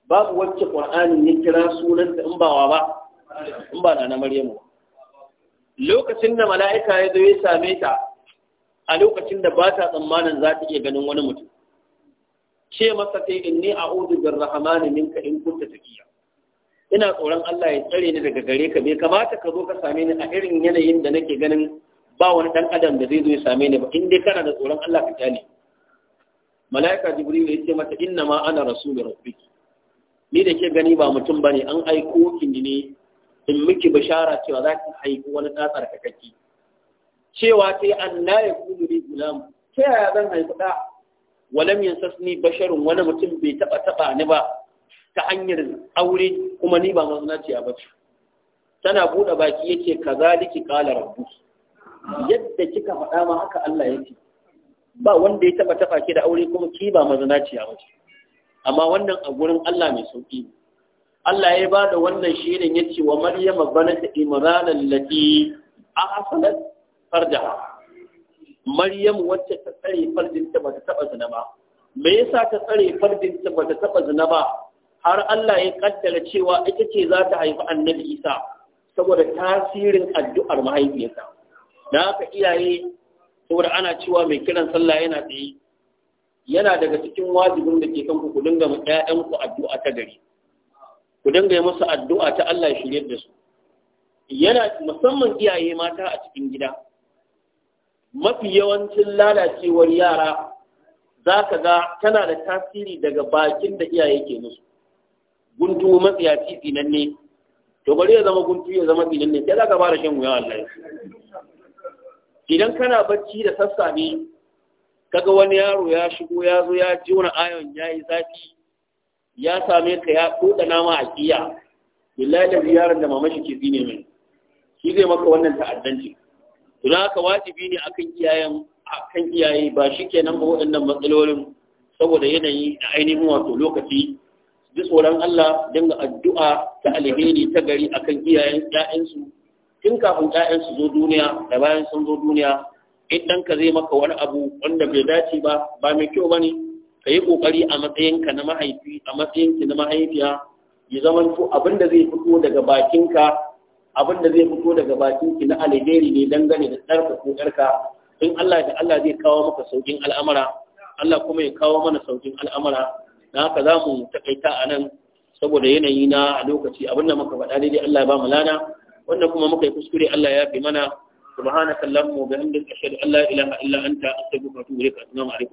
babu wacce Qur'ani ya kira sunan ta in ba wa ba da na Maryam lokacin da mala'ika ya zo ya same ta a lokacin da ba ta tsammanin za ta iya ganin wani mutum ce masa ta yi inni a'udhu birrahmani minka in kunta taqiya ina tsoron Allah ya tsare ni daga gare ka bai kamata ka zo ka same ni a irin yanayin da nake ganin ba wani dan adam da zai zo ya same ni ba in dai kana da tsoron Allah ka kyale malaika jibril ya ce mata inna ma ana rasulur rabbik ni da ke gani ba mutum bane an aiko ki ne in miki bashara cewa za ki haifi wani ɗa tsarkakakki cewa ta yi an ya kunu gulam ta yaya zan haifi ɗa walam yin sasni basharun wani mutum bai taɓa taɓa ni ba ta hanyar aure kuma ni ba mazinaciya ba ce tana buɗe baki yace kazaliki qala rabbu yadda kika faɗa ma haka Allah ya ce ba wanda ya taba tafa ki da aure kuma ki ba mazinaciya ba ce amma wannan a gurin Allah mai sauki Allah ya bada wannan shirin yace wa maryama banat imran allati ahsanat farjaha maryam wacce ta tsare farjinta ba ta taba zina ba me yasa ta tsare farjinta ba ta taba zina ba har Allah ya kaddara cewa ita ce za ta haifi annabi Isa saboda tasirin addu'ar mahaifiyarsa da aka iyaye saboda ana cewa mai kiran sallah yana tsaye yana daga cikin wajibin da ke kanku ku dinga ma addu'a ta gari ku dinga yi musu addu'a ta Allah ya shirye da su yana musamman iyaye mata a cikin gida mafi yawancin lalacewar yara za ka ga tana da tasiri daga bakin da iyaye ke musu guntu nan ne. to bari ya zama guntu ya zama ne ya za ka fara shan wuya wallahi idan kana bacci da sassafe kaga wani yaro ya shigo ya zo ya ji wani ayon ya yi zafi ya same ka ya koda nama a kiya billahi da ziyarar da mamashi ke zine mai shi zai maka wannan ta'addanci don haka wajibi ne akan iyayen akan iyaye ba shi kenan ba waɗannan matsalolin saboda yanayi da ainihin wato lokaci ji tsoron Allah dinga addu'a ta alheri ta gari akan iyayen 'ya'yansu, tun kafin 'ya'yansu zo duniya da bayan sun zo duniya idan ka zai maka wani abu wanda bai dace ba ba mai kyau ne. ka yi kokari a matsayinka na mahaifi a matsayinki na mahaifiya ya zama abin da zai fito daga bakinka bakinki na alheri ne dangane da tsarka ko tsarka in Allah da zai kawo maka saukin al'amara Allah kuma ya kawo mana saukin al'amara na haka za mu takaita a nan saboda yanayi na a lokaci abinda muka faɗa daidai Allah ya ba mu lana wannan kuma muka yi kuskure Allah ya fi mana subhanaka allahumma wa bihamdika ashhadu an la ilaha illa anta astaghfiruka wa atubu ilaik